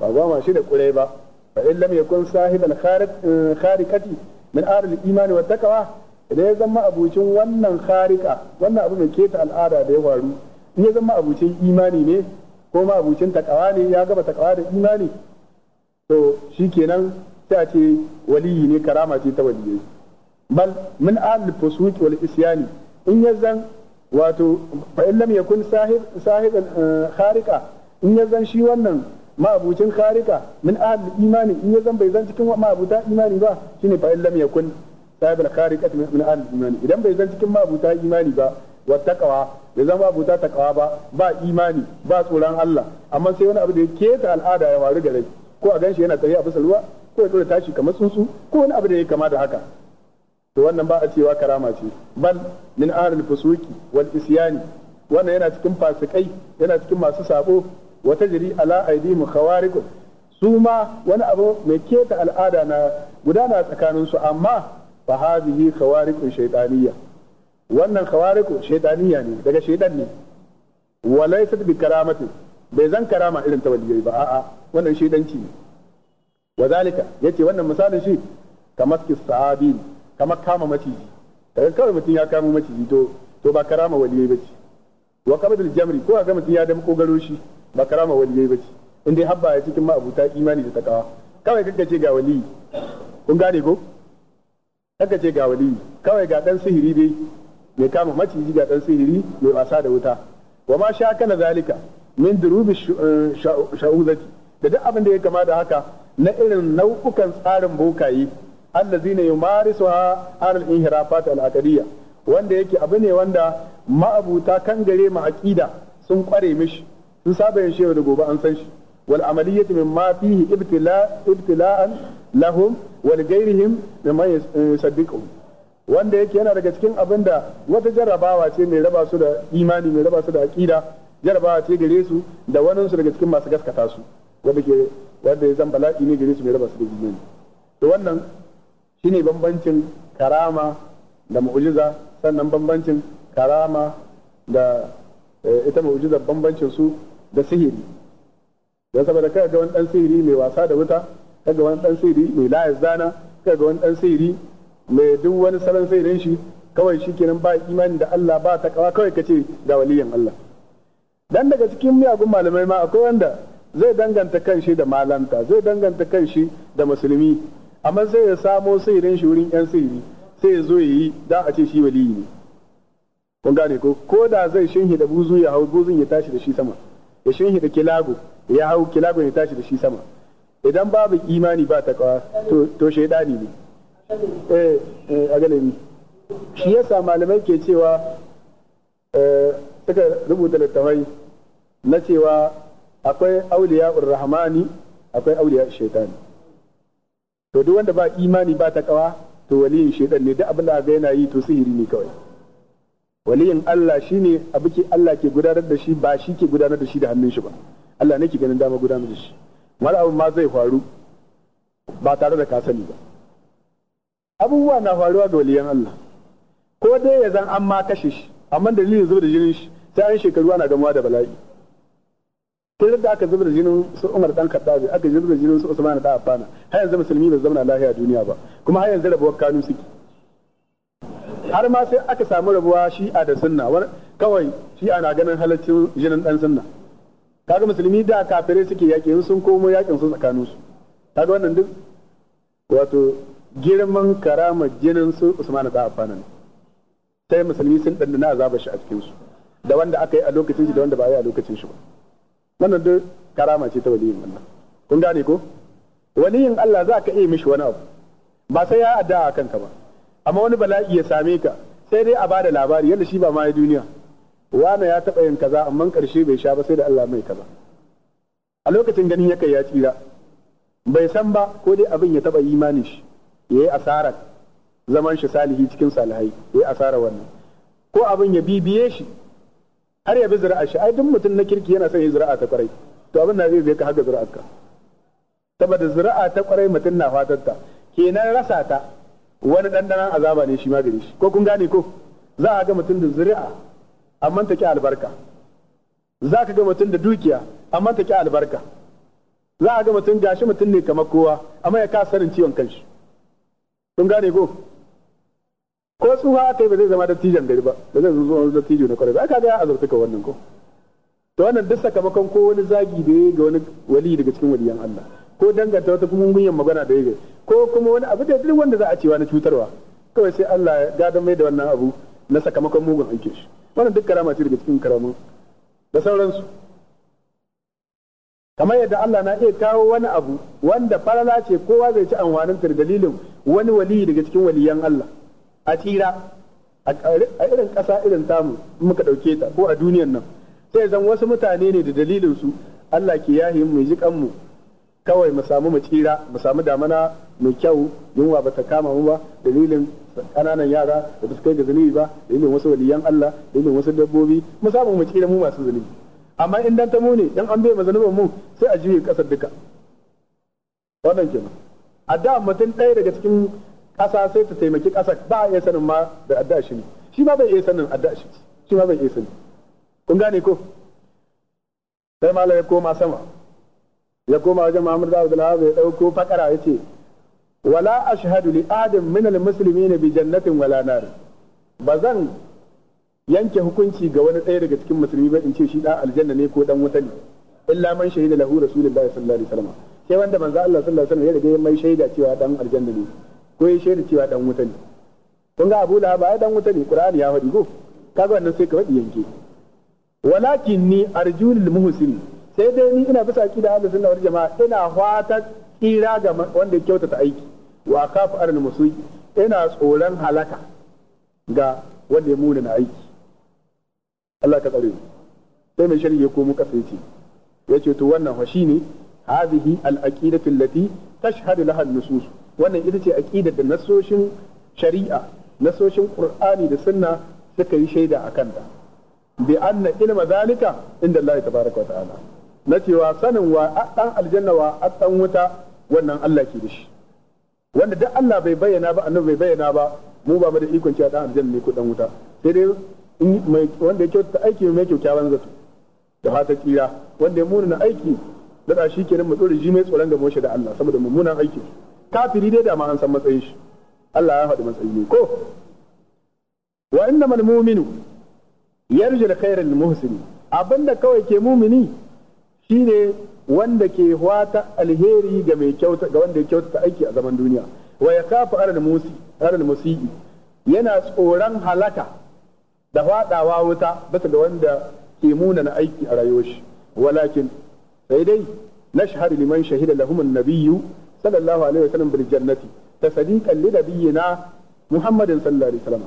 بأقوى ما شي قريبا فإن لم يكن صاحبا خارج خاركتي من آل الإيمان والتقوى idan ya zama abucin wannan kharika wannan abu mai keta al'ada da ya faru in ya zama abucin imani ne ko ma abucin takawa ne ya gaba takawa da imani to shikenan sai a ce waliyi ne karama ce ta waliyai bal min al wal isyani in ya zan wato fa in lam yakun sahib sahiban eh, kharika in ya zan shi wannan ma'abucin kharika min ahli imani in ya zan bai zan cikin ma'abuta imani ba shine fa in lam yakun sahibul khariqati min ahli imani idan bai zan cikin ma'abuta imani ba wa taqwa bai zan ma'abuta taqwa ba ba imani ba tsoron Allah amma sai wani abu da ya keta al'ada ya waru gare ko a ganshi yana tsaye a bisa ruwa ko ya tsore tashi kamar tsuntsu ko wani abu da ya kama da haka to wannan ba a cewa karama ce bal min ahlil fusuki wal isyani wannan yana cikin fasikai yana cikin masu sabo wata jiri ala mu khawariqun su ma wani abu mai keta al'ada na gudana tsakanin su amma fa hadhihi khawariqun shaytaniyya wannan khawariqu shaytaniyya ne daga shaytan ne walaysa bi karamati bai zan karama irin ta waliyai ba a'a wannan shaydanci ne wazalika yace wannan misalin shi kamaskis sahabi kamar kama maciji daga kawai mutum ya kama maciji to to ba karama waliyai ba ce wa kabadul jamri ko ga mutum ya da makogaro shi ba karama waliyai ba ce in dai habba ya cikin ma'abuta imani da takawa kawai kaka ce ga wali kun gane ko kaka ce ga wali kawai ga dan sihiri dai mai kama maciji ga dan sihiri mai wasa da wuta wa ma sha kana zalika min durubi eh, sha'uzati da duk abin da ya kama da haka na irin nau'ukan tsarin bokaye allazina yumarisuha alal inhirafat al aqdiyya wanda yake abu ne wanda ma'abuta kan gare mu aqida sun kware mishi sun saba yin shewa da gobe an san shi wal amaliyatu mimma fihi ibtila ibtila'an lahum wal ghairihim mimma eh, yusaddiqu wanda yake yana daga cikin abin da wata jarrabawa ce mai raba su da imani mai raba su da aqida jarrabawa ce gare su da wani su daga cikin masu gaskata su wanda ke wanda ya zan bala'i ne gare su mai raba su da imani to wannan Shi ne bambancin karama da mu'jiza sannan bambancin karama da eh, ita mu'jiza bambancin su da sihiri don saboda kai ga wani dan sihiri mai wasa da wuta kai ga wani dan sihiri mai layas zana kai ga wani dan sihiri mai duk wani salon sihirin shi kawai shi kenan ba imani da Allah ba ta kawai kace ga waliyan Allah dan daga cikin miyagun malamai ma akwai wanda zai danganta kanshi da malanta zai danganta kanshi da musulmi amma sai ya samo sihirin shi wurin yan sirri sai ya zo ya yi da a ce shi waliyi ne kun gane ko ko da zai shinhida buzu ya hau buzun ya tashi da shi sama ya shinhida kilago ya hau kilago ya tashi da shi sama idan babu imani ba ta kawa to shaydani ne eh eh a shi yasa malamai ke cewa eh, suka rubuta littafai na cewa akwai auliya rahmani akwai auliya shaytani to duk wanda ba imani ba ta kawa to waliyin shedan ne duk abin da ga yana yi to sihiri ne kawai waliyin Allah shine abu ke Allah ke gudanar da shi ba shi ke gudanar da shi da hannun shi ba Allah ne ke ganin dama gudanar da shi mara abu ma zai faru ba tare da kasani ba abubuwa na faruwa ga waliyan Allah ko dai ya zan an ma kashe shi amma dalilin zuba da jinin shi sai an shekaru ana gamuwa da bala'i sai da aka zubar jinin su Umar dan Kaddabi aka zubar jinin su Usman da Affan har yanzu musulmi bai zama lafiya duniya ba kuma har yanzu rabuwar kanu suke har ma sai aka samu rabuwa shi'a da sunna kawai shi'a na ganin halaccin jinin dan sunna kaga musulmi da kafirai suke yaƙi sun komo yaƙin su tsakanin su kaga wannan duk wato girman karama jinin su Usman da Affan ne sai musulmi sun dandana azaba shi a cikin su da wanda aka yi a lokacin shi da wanda ba a yi a lokacin shi ba wannan duk karama ce ta waliyin Allah kun gane ko waliyin Allah za ka iya mishi wani abu ba sai ya adda a kanka ba amma wani bala'i ya same ka sai dai a bada labari yadda shi ba ma ya duniya wane ya taɓa yin kaza amma karshe bai sha ba sai da Allah mai kaza a lokacin ganin ya ya tsira bai san ba ko dai abin ya taɓa imani shi yayi yi asarar zaman shi salihi cikin salihai ya yi asarar wannan ko abin ya bibiye shi har ya bi zira'a shi ai duk mutum na kirki yana son yi zira'a ta kwarai to abin na zai zai ka haka zira'a ka saboda zira'a ta kwarai mutum na fatar ta kenan rasa ta wani dandanan azaba ne shi ma shi ko kun gane ko za a ga mutum da zira'a amma ta ki albarka za ka ga mutum da dukiya amma ta ki albarka za a ga mutum gashi mutum ne kamar kowa amma ya kasa sanin ciwon kanshi kun gane ko ko tsufa ta ba zai zama dattijan gari ba ba zai zama da tijo na kwarai ba aka ga azurta ka wannan ko to wannan duk sakamakon ko wani zagi da ya ga wani wali daga cikin waliyan Allah ko danganta wata kuma munyan magana da ya ko kuma wani abu da duk wanda za a cewa na cutarwa kawai sai Allah ya gadon mai da wannan abu na sakamakon mugun aikin shi wannan duk karama ce daga cikin karamun da sauransu kamar yadda Allah na iya kawo wani abu wanda farala ce kowa zai ci amfanin dalilin wani wali daga cikin waliyan Allah a tsira a irin ƙasa irin tamu muka ɗauke ta ko a duniyan nan sai zan wasu mutane ne da dalilin su Allah ke yahi mu ji kanmu kawai mu samu mu tsira mu samu damana mai kyau yunwa ba ta kama mu ba dalilin ƙananan yara da ba su kai ga zunubi ba dalilin wasu waliyan Allah dalilin wasu dabbobi mu samu mu tsira mu masu zunubi amma in dan ta mu ne in an bai mu mazanubin mu sai a juye ƙasar duka wannan kenan a da mutum ɗaya daga cikin ƙasa sai ta taimaki ƙasa ba a iya sanin ma da adda shi ne shi ma bai iya sanin adda shi shi ma bai iya sanin kun gane ko sai malam ya koma sama ya koma wajen Muhammad Abdul Wahab ya dauko fakara yace wala ashhadu li adam min al muslimin bi jannatin wala nar bazan yanke hukunci ga wani ɗaya daga cikin musulmi ba in ce shi da aljanna ne ko dan wuta ne illa man shahida lahu rasulullahi sallallahu alaihi wasallam sai wanda manzo Allah sallallahu alaihi wasallam ya riga mai shaida cewa dan aljanna ne ko ya shaida cewa dan wuta ne kun ga Abu Lahab ai dan wuta ne Qur'ani ya faɗi ko kaga wannan sai ka faɗi yanke walakin ni arjulul muhsin sai dai ni ina bisa kida Allah sunna wal jamaa ina fata tsira ga wanda ya kyautata aiki wa khafu al musuq ina tsoron halaka ga wanda ya muna na aiki Allah ka tsare sai mai sharhi ya komo kasa yace yace to wannan fa shine hadhihi al aqidatu allati tashhadu laha an nusus wannan ita ce aqidar da nasoshin shari'a nasoshin qur'ani da sunna suka yi shaida a kanta bi anna ilma zalika inda Allah tabaraka wa ta'ala na cewa sanin wa dan aljanna wa dan wuta wannan Allah ke da shi wanda duk Allah bai bayyana ba annabi bai bayyana ba mu ba mu da ikon cewa dan aljanna ne ko dan wuta sai dai wanda ya kyautata aiki mai kyakkyawan zato da fata tsira wanda ya munana aiki da shi kenan mu tsore ji mai tsoron ga moshe da Allah saboda mummunan aiki. kafiri dai da ma an san matsayin shi Allah ya faɗi matsayi ko wa innamal mu'minu yarju da khairul muhsini abinda kawai ke mumini shine wanda ke wata alheri ga mai kyauta ga wanda ya kyautata aiki a zaman duniya wa ya kafa musi musii yana tsoron halaka da fadawa wuta bisa ga wanda ke munana aiki a rayuwar shi walakin sai dai nashhadu liman shahida lahum nabiyyu sallallahu alaihi wasallam bil jannati tasdiqan li nabiyyina muhammadin sallallahu alaihi wasallam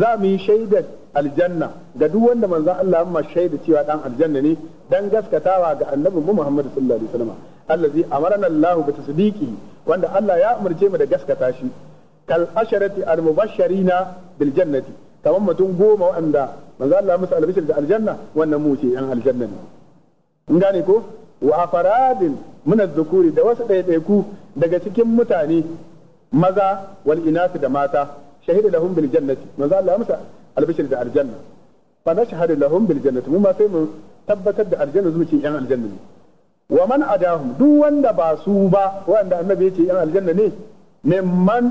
za mu yi shaidar aljanna ga duk wanda manzon Allah amma shaida cewa dan aljanna ne dan gaskatawa ga annabin mu Muhammad sallallahu alaihi wasallam allazi amarana Allah bi tasdiqi wanda Allah ya umarce mu da gaskata shi kal asharati al mubashshirina bil jannati kamar mutum goma wanda manzon Allah musu albishir da aljanna wannan mu ce yan aljanna ne in gane ko wa muna zukuri da wasu ɗaiɗaiku daga cikin mutane maza wal inasu da mata shahida lahum bil jannati manzo Allah musa albishir da aljanna fa nashhadu lahum bil jannati mu ma sai mu tabbatar da aljanna zuciyar yan aljanna ne wa man adahum duk wanda ba su ba wanda annabi ya ce yan aljanna ne mimman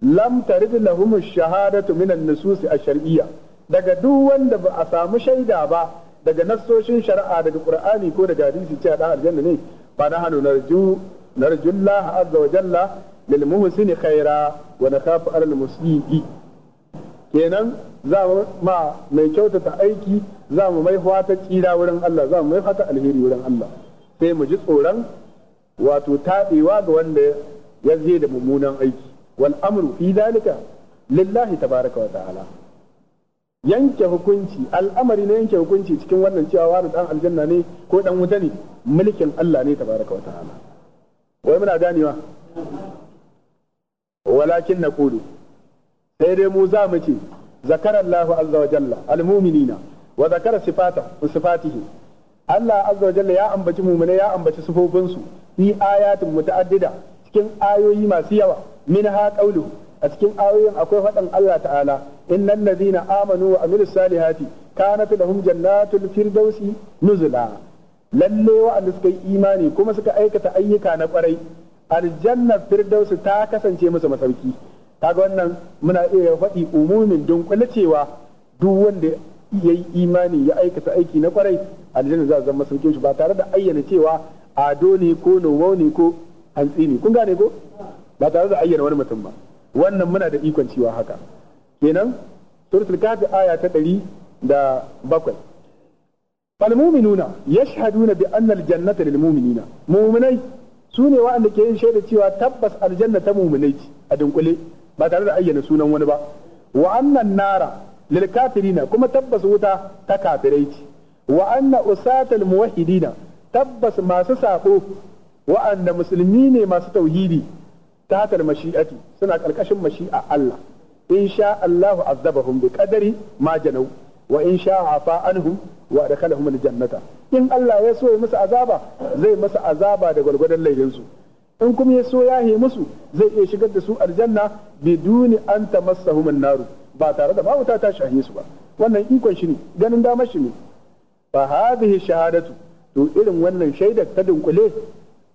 lam tarid lahum shahadatu min an-nusus ash-shar'iyya daga duk wanda ba a samu shaida ba daga nassoshin shari'a daga qur'ani ko daga hadisi cewa dan aljanna ne fa nahnu narju narju Allah azza wa jalla lil muhsin khaira kenan za mu ma mai kyautata aiki za mu mai fata tsira wurin Allah za mu mai fata alheri wurin Allah sai mu ji tsoron wato taɓewa ga wanda ya je da mummunan aiki wal amru fi dalika lillahi tabaraka wa ta'ala yanke hukunci al'amari na yanke hukunci cikin wannan cewa wani dan aljanna ne ko dan wuta ne mulkin Allah ne tabaraka wata'ala wai muna ganewa walakin na kudu sai dai mu za mu ce zakara Allah azza wa jalla almu'minina wa zakara sifata sifatihi Allah azza wa jalla ya ambaci mu'mina ya ambaci sifofin su fi ayatin muta'addida cikin ayoyi masu yawa ha qawluhu a cikin ayoyin akwai faɗin Allah ta'ala innal ladina amanu wa amilus salihati kanat lahum jannatul firdausi nuzula lalle wa'anda suka yi imani kuma suka aikata ayyuka na kwarai aljannar firdausi ta kasance musu masauki kaga wannan muna iya faɗi umumin dunkule cewa duk wanda ya yi imani ya aikata aiki na kwarai aljanna za zama masaukin shi ba tare da ayyana cewa ado ne ko nomo ne ko hantsi ne kun gane ko ba tare da ayyana wani mutum ba wannan muna da ikon cewa haka kenan suratul kafi aya ta ɗari da bakwai falmuminuna yashhaduna bi anna aljannata muminina mu'minai su ne wa'anda ke yin shaida cewa tabbas aljanna ta mu'minai ce a dunkule ba tare da ayyana sunan wani ba wa annan nara lil kafirina kuma tabbas wuta ta kafirai ce wa anna usatal muwahhidina tabbas masu sako wa'anda musulmi ne masu tauhidi tatar mashi'ati suna karkashin mashi'a Allah in sha Allah azabahum bi qadari ma janau wa in sha afa anhum wa adkhalahum aljannata in Allah ya so musu azaba zai musu azaba da gwargwadon laifin su in kuma ya so ya yi musu zai iya shigar da su aljanna biduni an tamassahum an-naru ba tare da mawuta ta shahi su ba wannan ikon shi ne ganin damar shi ne fa hadhihi shahadatu to irin wannan shaidar ta dunkule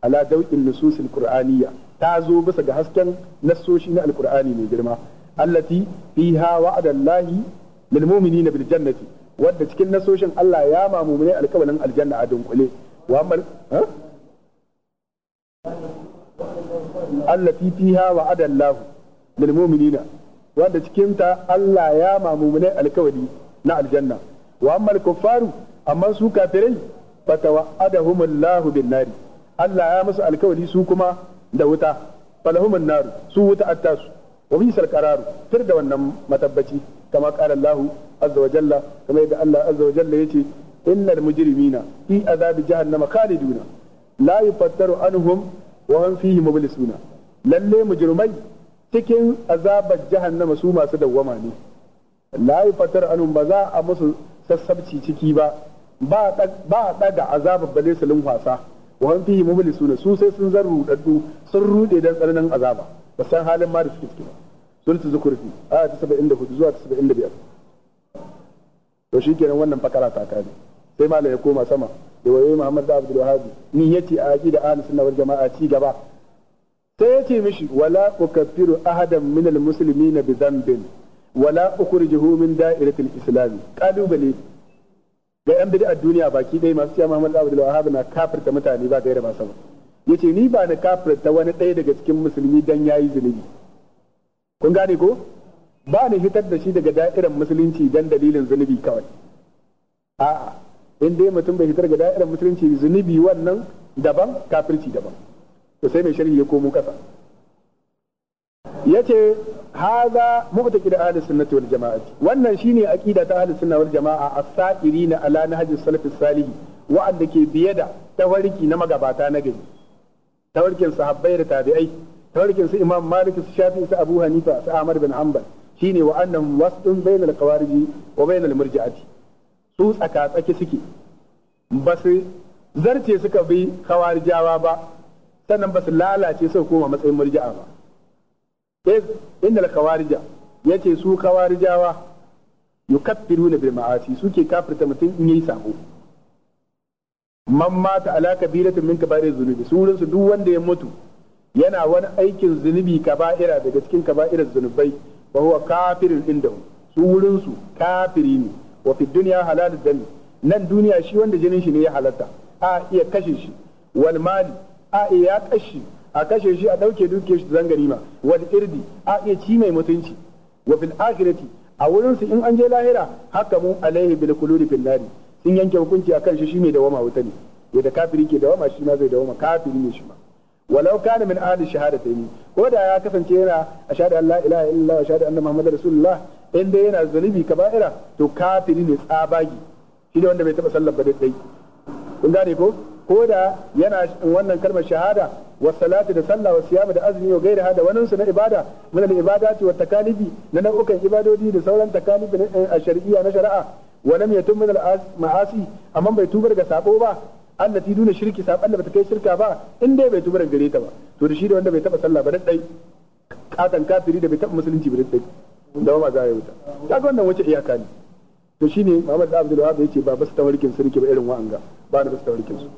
ala dauqin nususil qur'aniyya ta zo bisa ga hasken nassoshi na alkur'ani mai girma allati fiha wa'adallahi lil mu'minina bil jannati wadda cikin nasoshin Allah ya ma mamumune alkawalin aljanna a dunkule wa amman allati fiha wa'adallahu lil mu'minina wadda cikin ta Allah ya ma mamumune alkawali na aljanna wa ammal kuffaru amma su kafirai fatawa'adahumullahu bin nari Allah ya musu alkawali su kuma da wuta falahumun naru su wuta attasu wa bisal qararu tir da wannan matabbaci kama qala Allah azza wa jalla kama yadda Allah azza wa jalla yace innal mujrimina fi azabi jahannama khaliduna la yufattaru anhum wa hum fihi mublisuna lalle mujrimai cikin azabar jahannama su masu dawwama ne la yufattaru anhum ba za a musu sassabci ciki ba ba a daga azabar bale wasa wa an fihi mublisuna su sai sun zan rudaddu sun rude dan tsananin azaba ba san halin ma da suke ciki ba suratul zukhrufi aya ta 74 zuwa ta 75 to shikenan wannan fakara ta kare sai malam ya koma sama da wayoyi Muhammad da Abdul Wahhab ni yace a da ahlus sunna wal jamaa ci gaba sai yace mishi wala ukaffiru ahadan min al muslimina bi dhanbin wala ukhrijuhu min da'iratil islam qalubali da yan bid'a duniya baki dai masu cewa Muhammad Abdul Wahhab na kafirta mutane ba gaira ba sama yace ni ba na ta wani ɗaya daga cikin musulmi dan yayi zunubi kun gane ko ba ni fitar da shi daga da'irar musulunci dan dalilin zunubi kawai a'a in dai mutum bai fitar ga da'irar musulunci zunubi wannan daban kafirci daban to sai mai sharhi ya komo kasa yace hadha mubtaqi da ahli sunnati wal jama'ati wannan shine aqida ta ahli sunna wal jama'a as-sa'irina ala nahji salafis salihi wa'anda ke biye da tawarki na magabata na gari tawarkin sahabbai da tabi'ai tawarkin su imam malik su shafi su abu hanifa su ahmad bin hanbal shine wa annahum wasdun bainal qawarij wa bainal murji'ati su tsaka tsaki suke ba su zarce suka bi khawarijawa ba sannan ba su lalace suka koma matsayin murji'a ba innal kawarija yace su kawarijawa na bai ma'asi suke kafirta mutum in yi sabo man mata ala ta min kaba'ir zunubi su wurinsu duk wanda ya mutu yana wani aikin zunubi kaba'ira daga cikin kaba'irar zunubai wa huwa kafirin inda su wurin su kafiri ne wa fi dunya dami nan duniya shi wanda jinin shi ne ya halatta a iya kashe shi walmali, mali a iya kashi a kashe shi a ɗauke dukiyar shi zan ganima wani irdi a iya ci mai mutunci wa fil akhirati a wurin su in an je lahira haka mun alaihi bil kuludi fil nari sun yanke hukunci a kan shi shi mai dawama wuta ne yadda kafiri ke dawama shi ma zai dawama kafiri ne shi ma walau kana min ahli shahadatayn ko da ya kasance yana ashhadu an la ilaha illallah wa ashhadu anna muhammadar rasulullah in dai yana zunubi kaba'ira to kafiri ne tsabagi shi da wanda bai taba sallar ba dai kun gane ko ko da yana wannan kalmar shahada wa salatu da sallah wa siyama da azumi wa gairaha da wannan su na ibada min al ibadati wa takalibi na nau'ukan ibadodi da sauran takalibi eh, a shar'iyya na shari'a wa lam yatum min ma'asi amma bai tubar ga sabo ba allati duna shirki saban da bata kai shirka ba in dai bai tubar gare ta ba to da shi da wanda bai taba sallah ba dai katan kafiri da bai taba musulunci ba dai da ba za ya wuta kaga wannan wace iyaka ne to shine Muhammad Abdul Wahab yace ba basu tawarkin sirki ba irin wa'anga ba da basu tawarkin su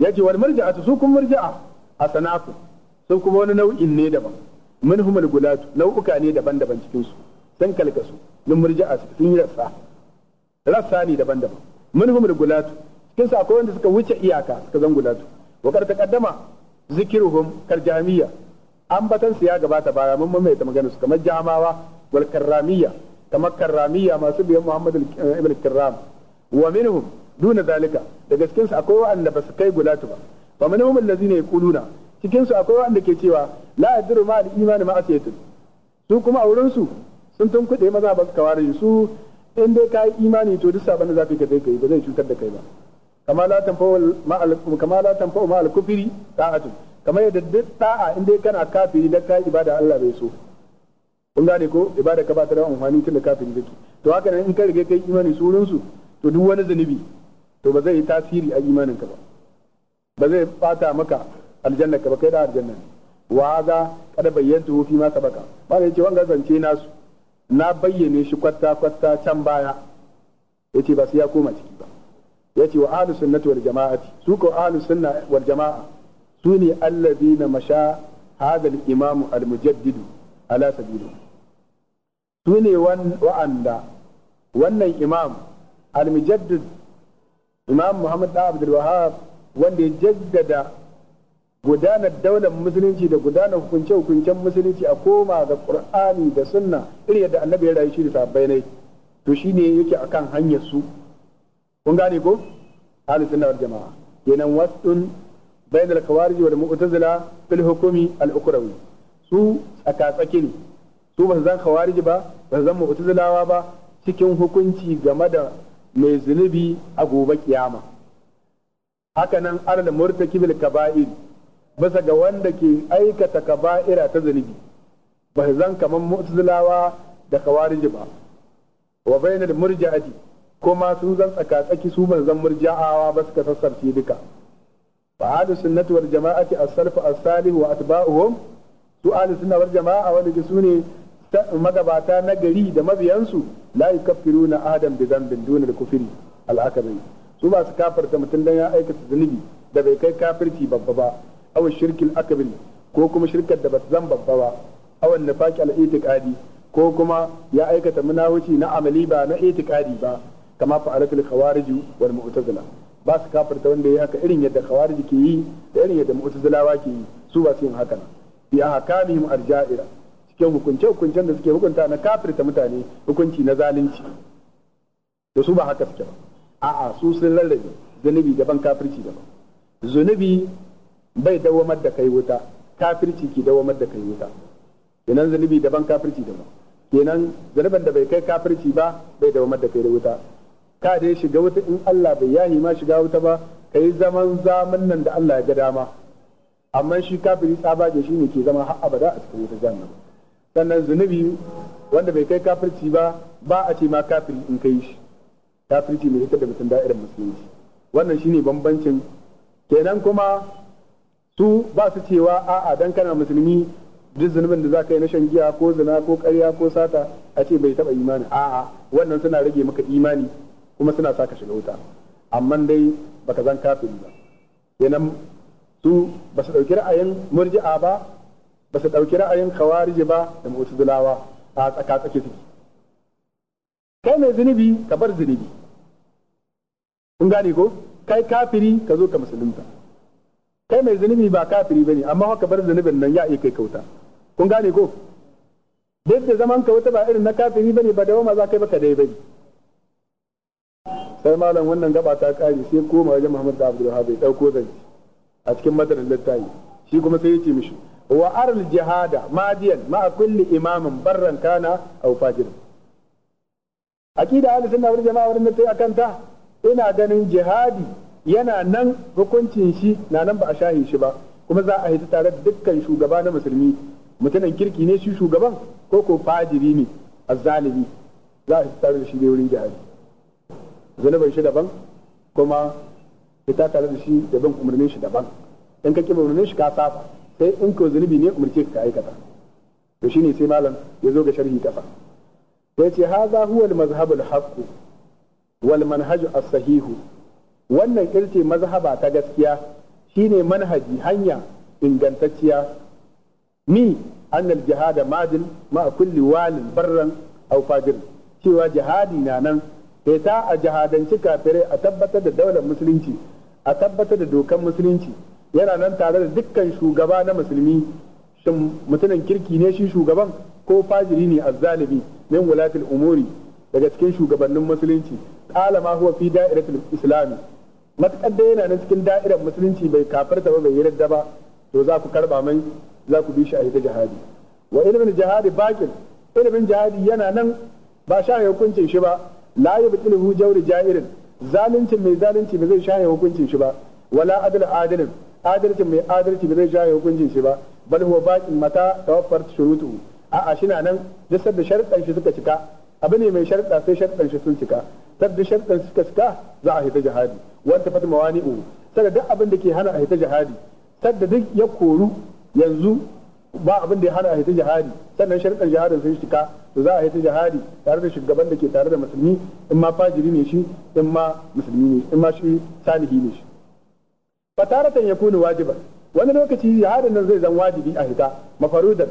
ya ce wal marja'atu su kuma marja'a sanaku su kuma wani nau'in ne daban humul gulatu nau'uka ne daban-daban cikin su sun kalkasu min marja'a sun yi rassa rassa ne daban-daban humul gulatu cikin su akwai wanda suka wuce iyaka suka zan gulatu wa kar taqaddama zikiruhum karjamiya ambatan su ya gabata baya mun mamaita magana su kamar jamawa wal karramiya kamar karramiya masu biyan Muhammad ibn Kirram wa minhum duna zalika daga cikin su akwai wanda ba su kai gulatu ba fa manhum allazina yaquluna cikin su akwai wanda ke cewa la yadru ma al-iman ma asiyatu su kuma auren su sun tun kuɗe maza ba su yin su in dai kai imani to duk sabanin zafi zaka ka kai ba zai cutar da kai ba kama la tanfa'u ma kama la tanfa'u ma al-kufri kamar yadda duk ta'a in dai kana kafiri da kai ibada Allah bai so kun gane ko ibada ka ba ta da amfani tun da kafiri kake to haka nan in ka rige kai imani wurin su to duk wani zunubi to ba zai yi tasiri a imaninka ba ba zai bata maka aljanna ka ba kai da aljanna wa haza kada bayyanta fi ma sabaka ba ne ce wanga zance nasu na bayyane shi kwatta kwatta can baya ya ce ba su ya koma ciki ba ya ce wa ahlus sunnati wal jama'ati su ko ahlus sunna wal jama'a su ne alladina masha hadal imamu al mujaddidu ala sabilu su ne wa'anda wannan imam al mujaddidu imam muhammad da abdul wahab wanda ya jaddada gudanar daular musulunci da gudanar hukunce-hukuncen musulunci a koma ga qur'ani da sunna irin yadda annabi ya rayu shi da sahabbai ne to shine yake akan hanyar su kun gane ko ahlus sunna wal jamaa kenan wasdun bayan al-khawarij wal mu'tazila fil hukumi al-ukrawi su tsakatsaki ne su ba zan khawarij ba ba su zan mu'tazilawa ba cikin hukunci game da mai zunubi a gobe kiyama hakanan arda kibil kaba'ir bisa ga wanda ke aikata kaba'ira ta zunubi ba zan kamar mu'tazilawa da kawariji ba wa bainal ko kuma sun zan tsaka tsaki su ban zan murja'awa ba suka sassarce duka fa ahlu sunnati wal jama'ati as-salaf as-salih wa atba'uhum su ahlu sunna wal jama'a wanda su ne magabata na gari da mabiyansu la na adam bi zambin duna al-kufri al su ba su kafarta mutum dan ya aikata zunubi da bai kai kafirci babba ba aw shirkil akbar ko kuma shirkar da ba zan babba ba aw nifaqi al-itiqadi ko kuma ya aikata munawici na amali ba na itiqadi ba kama fa'alatul khawarij wal mu'tazila ba su kafarta wanda ya haka irin yadda khawarij ke yi da irin yadda mu'tazilawa ke yi su ba su yin haka na bi ahkamihim arja'ira cikin hukunce hukuncen da suke hukunta na kafirta mutane hukunci na zalunci da su ba haka suke ba a'a su sun rarrabe zunubi daban kafirci daban zunubi bai dawamar da kai wuta kafirci ke dawamar da kai wuta kenan zunubi daban kafirci daban kenan zunuban da bai kai kafirci ba bai dawamar da kai da wuta ka dai shiga wuta in Allah bai yahi ma shiga wuta ba kai zaman zaman nan da Allah ya ga dama amma shi kafiri tsabage da shi ne ke zama har abada a cikin wuta jahannama sannan zunubi wanda bai kai kafirci ba ba a ce ma kafiri in kai shi kafirci mai hitar da mutum da'irar musulunci wannan shine bambancin kenan kuma su ba su cewa a'a dan kana musulmi duk zunubin da ka yi na shan giya ko zina ko karya ko sata a ce bai taba imani a'a wannan suna rage maka imani kuma suna sa ka shiga wuta amma dai baka zan kafiri ba kenan su ba su ɗauki ra'ayin murji'a ba ba su ɗauki ra'ayin kawarije ba da zulawa a tsaka tsake suke kai mai zunubi ka bar zunubi kun gane ko kai kafiri ka zo ka musulunta kai mai zunubi ba kafiri bane amma ka bar zunubin nan ya iya kai kauta kun gane ko duk da zaman kauta wata ba irin na kafiri bane ba dawo ma za kai baka dai bane sai malam wannan gaba ta kare sai koma wajen Muhammad da Abdul Wahab ya dauko zanci a cikin madarin littafi shi kuma sai ya ce mishi wa aral jihada madiyan ma kulli imamin barran kana aw fajirin aqida ahli sunna wal jama'a wannan sai akan ta ina ganin jihadi yana nan hukuncin shi na nan ba a shahi shi ba kuma za a yi tare da dukkan shugaba na musulmi mutumin kirki ne shi shugaban ko ko fajiri ne azzalimi za a hita tare da shi ne wurin jihadi zunubin shi daban kuma fita tare da shi da bin umarnin shi daban in ka ki umarnin shi ka saba sai in ko zunubi ne umarce ka aikata to shine sai malam ya zo ga sharhi kafa. sai ce haza huwa al alhaq wal manhaj as-sahih wannan irce mazhaba ta gaskiya shine manhaji hanya ingantacciya ni an jihada madin ma kulli walin barran aw fajir cewa jihadi na nan sai ta a jihadanci kafirai a tabbatar da daular musulunci a tabbatar da dokan musulunci yana nan tare da dukkan shugaba na musulmi shin mutumin kirki ne shi shugaban ko fajiri ne azzalimi min wulatil umuri daga cikin shugabannin musulunci qala ma huwa fi da'iratil islami matakar da yana nan cikin da'irar musulunci bai kafarta ba bai yarda ba to za ku karba mai za ku bi shi a ita jihadi wa ilmin jihadi bakin ilmin jihadi yana nan ba sha hukuncin shi ba la yabtilu jawri jairin zalincin mai zalunci ba zai sha hukuncin shi ba wala adl adilin adalci mai adalci ba zai jaye hukuncin shi ba bal huwa baqin mata tawaffar shurutu a a shina nan duk da sharɗan shi suka cika abu ne mai sharɗa sai sharɗan shi sun cika sadda sharɗan suka cika za a hita jihadi wanda fatima wani'u sadda duk abin da ke hana a hita jihadi sadda duk ya koru yanzu ba abin da ya hana a hita jihadi sannan sharɗan jihadin sun cika to za a hita jihadi tare da shugaban da ke tare da musulmi in ma fajiri ne shi in ma musulmi ne in ma shi salihi ne shi fataratan ya kunu wajiban wani lokaci jihadin nan zai zan wajibi a hita mafarudan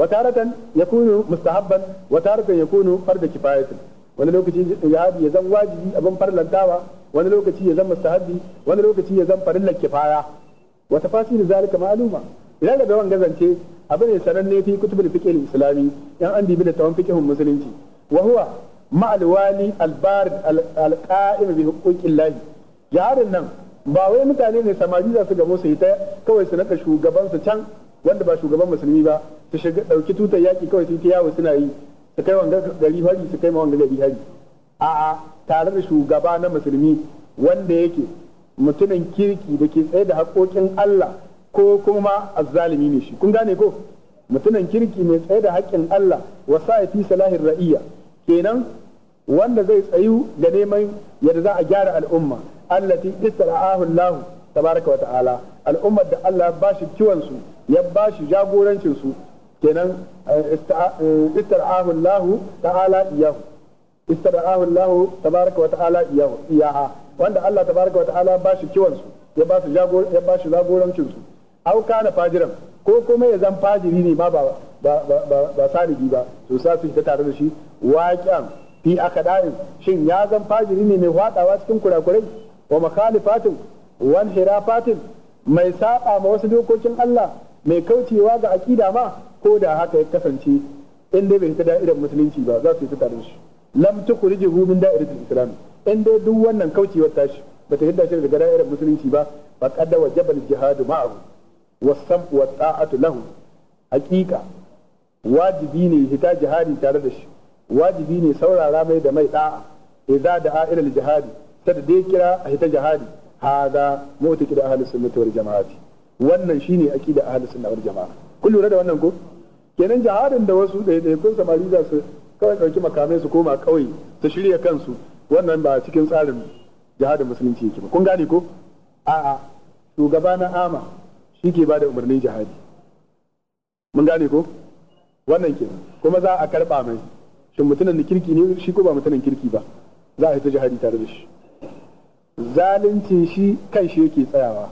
wataratan taratan ya kunu mustahabban wa taratan ya kunu farda kifayatin wani lokaci jihadi ya zan wajibi abin farlantawa wani lokaci ya zan mustahabbi wani lokaci ya zan farillar kifaya wa tafasir zalika ma'luma idan daga wanga gazance abin ne sananne fi kutubul fiqh islami yan an dibi da tawan fiqhun musulunci wa huwa ma'al wali al barid al qa'im bi huquqillah nan ba wai mutane ne samari za su gamo su yi ta kawai su naka shugaban su can wanda ba shugaban musulmi ba su shiga dauki tutar yaki kawai su yi ta yawo suna yi su kai wanga gari hari su kai wanga gari hari a'a tare da shugaba na musulmi wanda yake mutumin kirki da ke tsaye da haƙoƙin Allah ko kuma azzalimi ne shi kun gane ko mutumin kirki mai tsaye da haƙƙin Allah wa fi salahin ra'iyya kenan wanda zai tsayu da neman yadda za a gyara al'umma allati istara'ahu Allah tabaraka wa ta'ala al'ummar da Allah ba shi kiwon su ya ba shi jagorancin su kenan eh, istara'ahu eh, Allah ta'ala iyahu istara'ahu Allah tabaraka wa ta'ala iyahu iyaha wanda Allah tabaraka wa ta'ala ba shi kiwon su ya ba su ya ba shi jagorancin su au kana fajiran ko kuma ya zan fajiri ne ma ba ba ba ba sadiki ba to sa su ta tare da shi waƙiyan fi akada'in shin ya zan fajiri ne mai hwadawa cikin kurakurai wa makhalifatin wan hirafatin mai saba ma wasu dokokin Allah mai kaucewa ga aƙida ma ko da haka ya kasance in dai bai fita da'irar musulunci ba za su yi tare da shi lam tukhrijuhu min da'iratil islam in dai duk wannan kaucewar tashi ba ta hidda shi daga da'irar musulunci ba fa qadda wajaba al-jihad ma'ahu was-sam wa ta'atu lahu haqiqa wajibi ne hita jihadi tare da shi wajibi ne saurara mai da mai da'a idza da'a ila al-jihadi ta da dai kira a hita jihadi hada mota kida ahlus sunnati wal jama'ati wannan shine aqida ahlus sunna wal jama'a kun lura da wannan ko kenan jihadin da wasu ko samari za su kawai ɗauki makamai su koma ƙauye su shirya kansu wannan ba cikin tsarin jihadin musulunci yake ba kun gane ko a'a shugaba na ama shi ke ba da umarnin jihadi mun gane ko wannan kenan kuma za a karɓa mai shin mutumin kirki ne shi ko ba mutunan kirki ba za a yi ta jihadi tare da shi zalunci shi kan shi yake tsayawa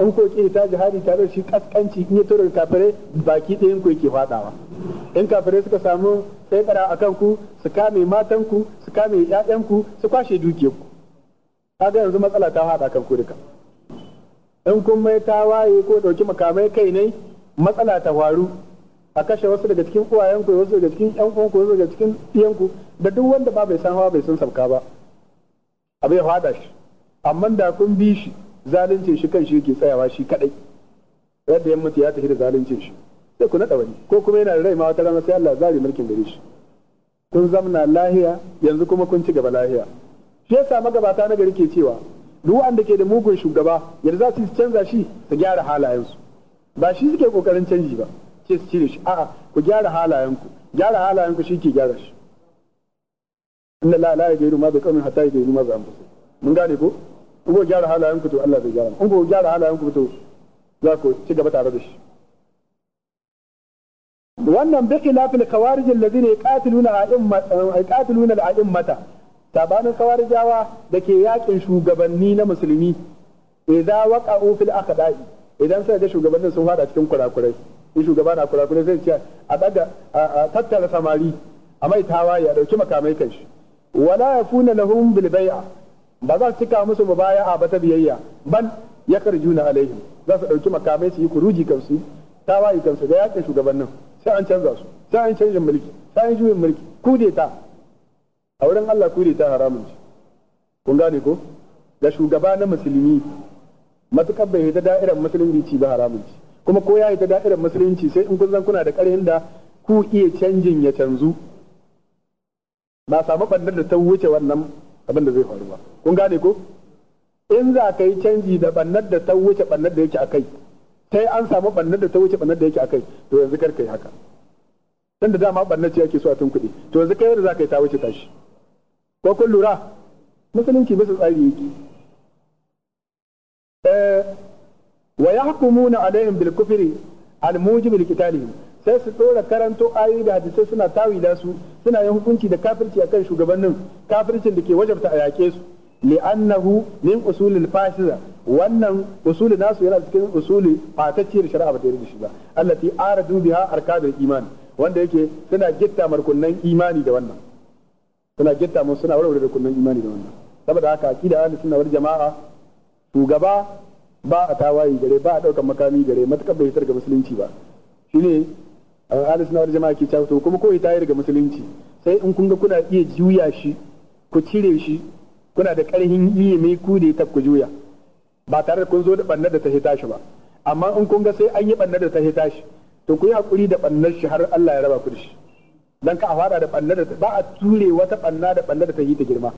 in ko ke ta jihadi tare da shi kaskanci in ya tura kafirai baki ɗayan ku yake fadawa in kafare suka samu tsaikara a kanku su kame matanku su kame ƴaƴanku su kwashe dukiyarku kaga yanzu matsala ta haɗa ku duka in kun mai waye ko ɗauki makamai kai ne matsala ta faru a kashe wasu daga cikin uwayenku wasu daga cikin ƴan ku wasu daga cikin ɗiyanku da duk wanda ba bai san hawa bai san sabka ba abin ya fada shi amma da kun bi shi zalunce shi kan shi yake tsayawa shi kadai yadda ya mutu ya tafi da zalunce shi sai ku naɗa wani ko kuma yana da rai ma wata rana sai Allah zari mulkin gare shi kun zamna lahiya yanzu kuma kun ci gaba lahiya shi yasa magabata na gari ke cewa duk wanda ke da mugun shugaba yadda za su canza shi su gyara halayensu ba shi suke kokarin canji ba ce su cire shi a'a ku gyara halayenku gyara halayenku shi ke gyara shi inna la la yajidu ma bi qawmin hatta yajidu ma bi anfusihim mun gane ko in ko gyara halayen ku to Allah zai gyara in ko gyara halayen ku to za ku ci gaba tare da shi wannan bi khilafil khawarij alladhina yuqatiluna eh, yuqatiluna al-a'immata tabanin khawarijawa da ke yakin shugabanni na musulmi idza waqa'u fil aqda'i idan sai ga shugabannin sun fada cikin kurakurai in shugaba na kurakurai zai ce a daga a tattara samari a mai tawaye a dauki makamai kan shi wala ya kuna lahum bil bai'a ba za su cika musu mubaya'a ba ta biyayya ban yakarjuna alaihim za su dauki makamai su yi kuruji kansu ta wayi kansu da yakin shugabannin sai an canza su sai an canza mulki sai an juyin mulki kudeta a wurin Allah kudeta haramun ce kun gane ko da shugaba na musulmi matukar bai hita da'irar musulunci ba haramun ce kuma ko ya yi hita da'irar musulunci sai in kun zan kuna da karhin da ku iya canjin ya canzu Na samu ɓannar da ta wuce wannan abin da zai faru ba kun gane ko in za ka yi canji da ɓannar da ta wuce ɓannar da yake a kai sai an samu ɓannar da ta wuce ɓannar da yake a kai to yanzu kar ka yi haka tunda dama ɓannar ce ake so a tun kuɗi to yanzu kai da za ka yi ta wuce tashi ko kun lura musulunci bisa tsari yake eh, wa yahkumuna alaihim bil kufri al mujibil qitalihim sai su tsora karanto ayoyi da hadisai suna tawi da su suna yin hukunci da kafirci akan shugabannin kafircin da ke wajabta a yaƙe su li'annahu min usulil fasida wannan usuli nasu yana cikin usuli fatacciyar shari'a ba ta da shi ba allati aradu biha arkadul iman wanda yake suna gitta markunnan imani da wannan suna gitta mu suna warware rukunin imani da wannan saboda haka aqida ahli sunna wal jama'a shugaba ba a tawayi gare ba a daukar makami gare matakan bai fitar ga musulunci ba shine ahli sunna wani jama'a ke cewa to kuma ta yi daga musulunci sai in kun ga kuna iya juya shi ku cire shi kuna da karhin iya mai ku da ita ku juya ba tare da kun zo da bannar da ta hita shi ba amma in kun ga sai an yi bannar da ta hita shi to ku yi hakuri da bannar shi har Allah ya raba ku da shi dan ka a fara da bannar da ba a ture wata banna da bannar da ta yi ta girma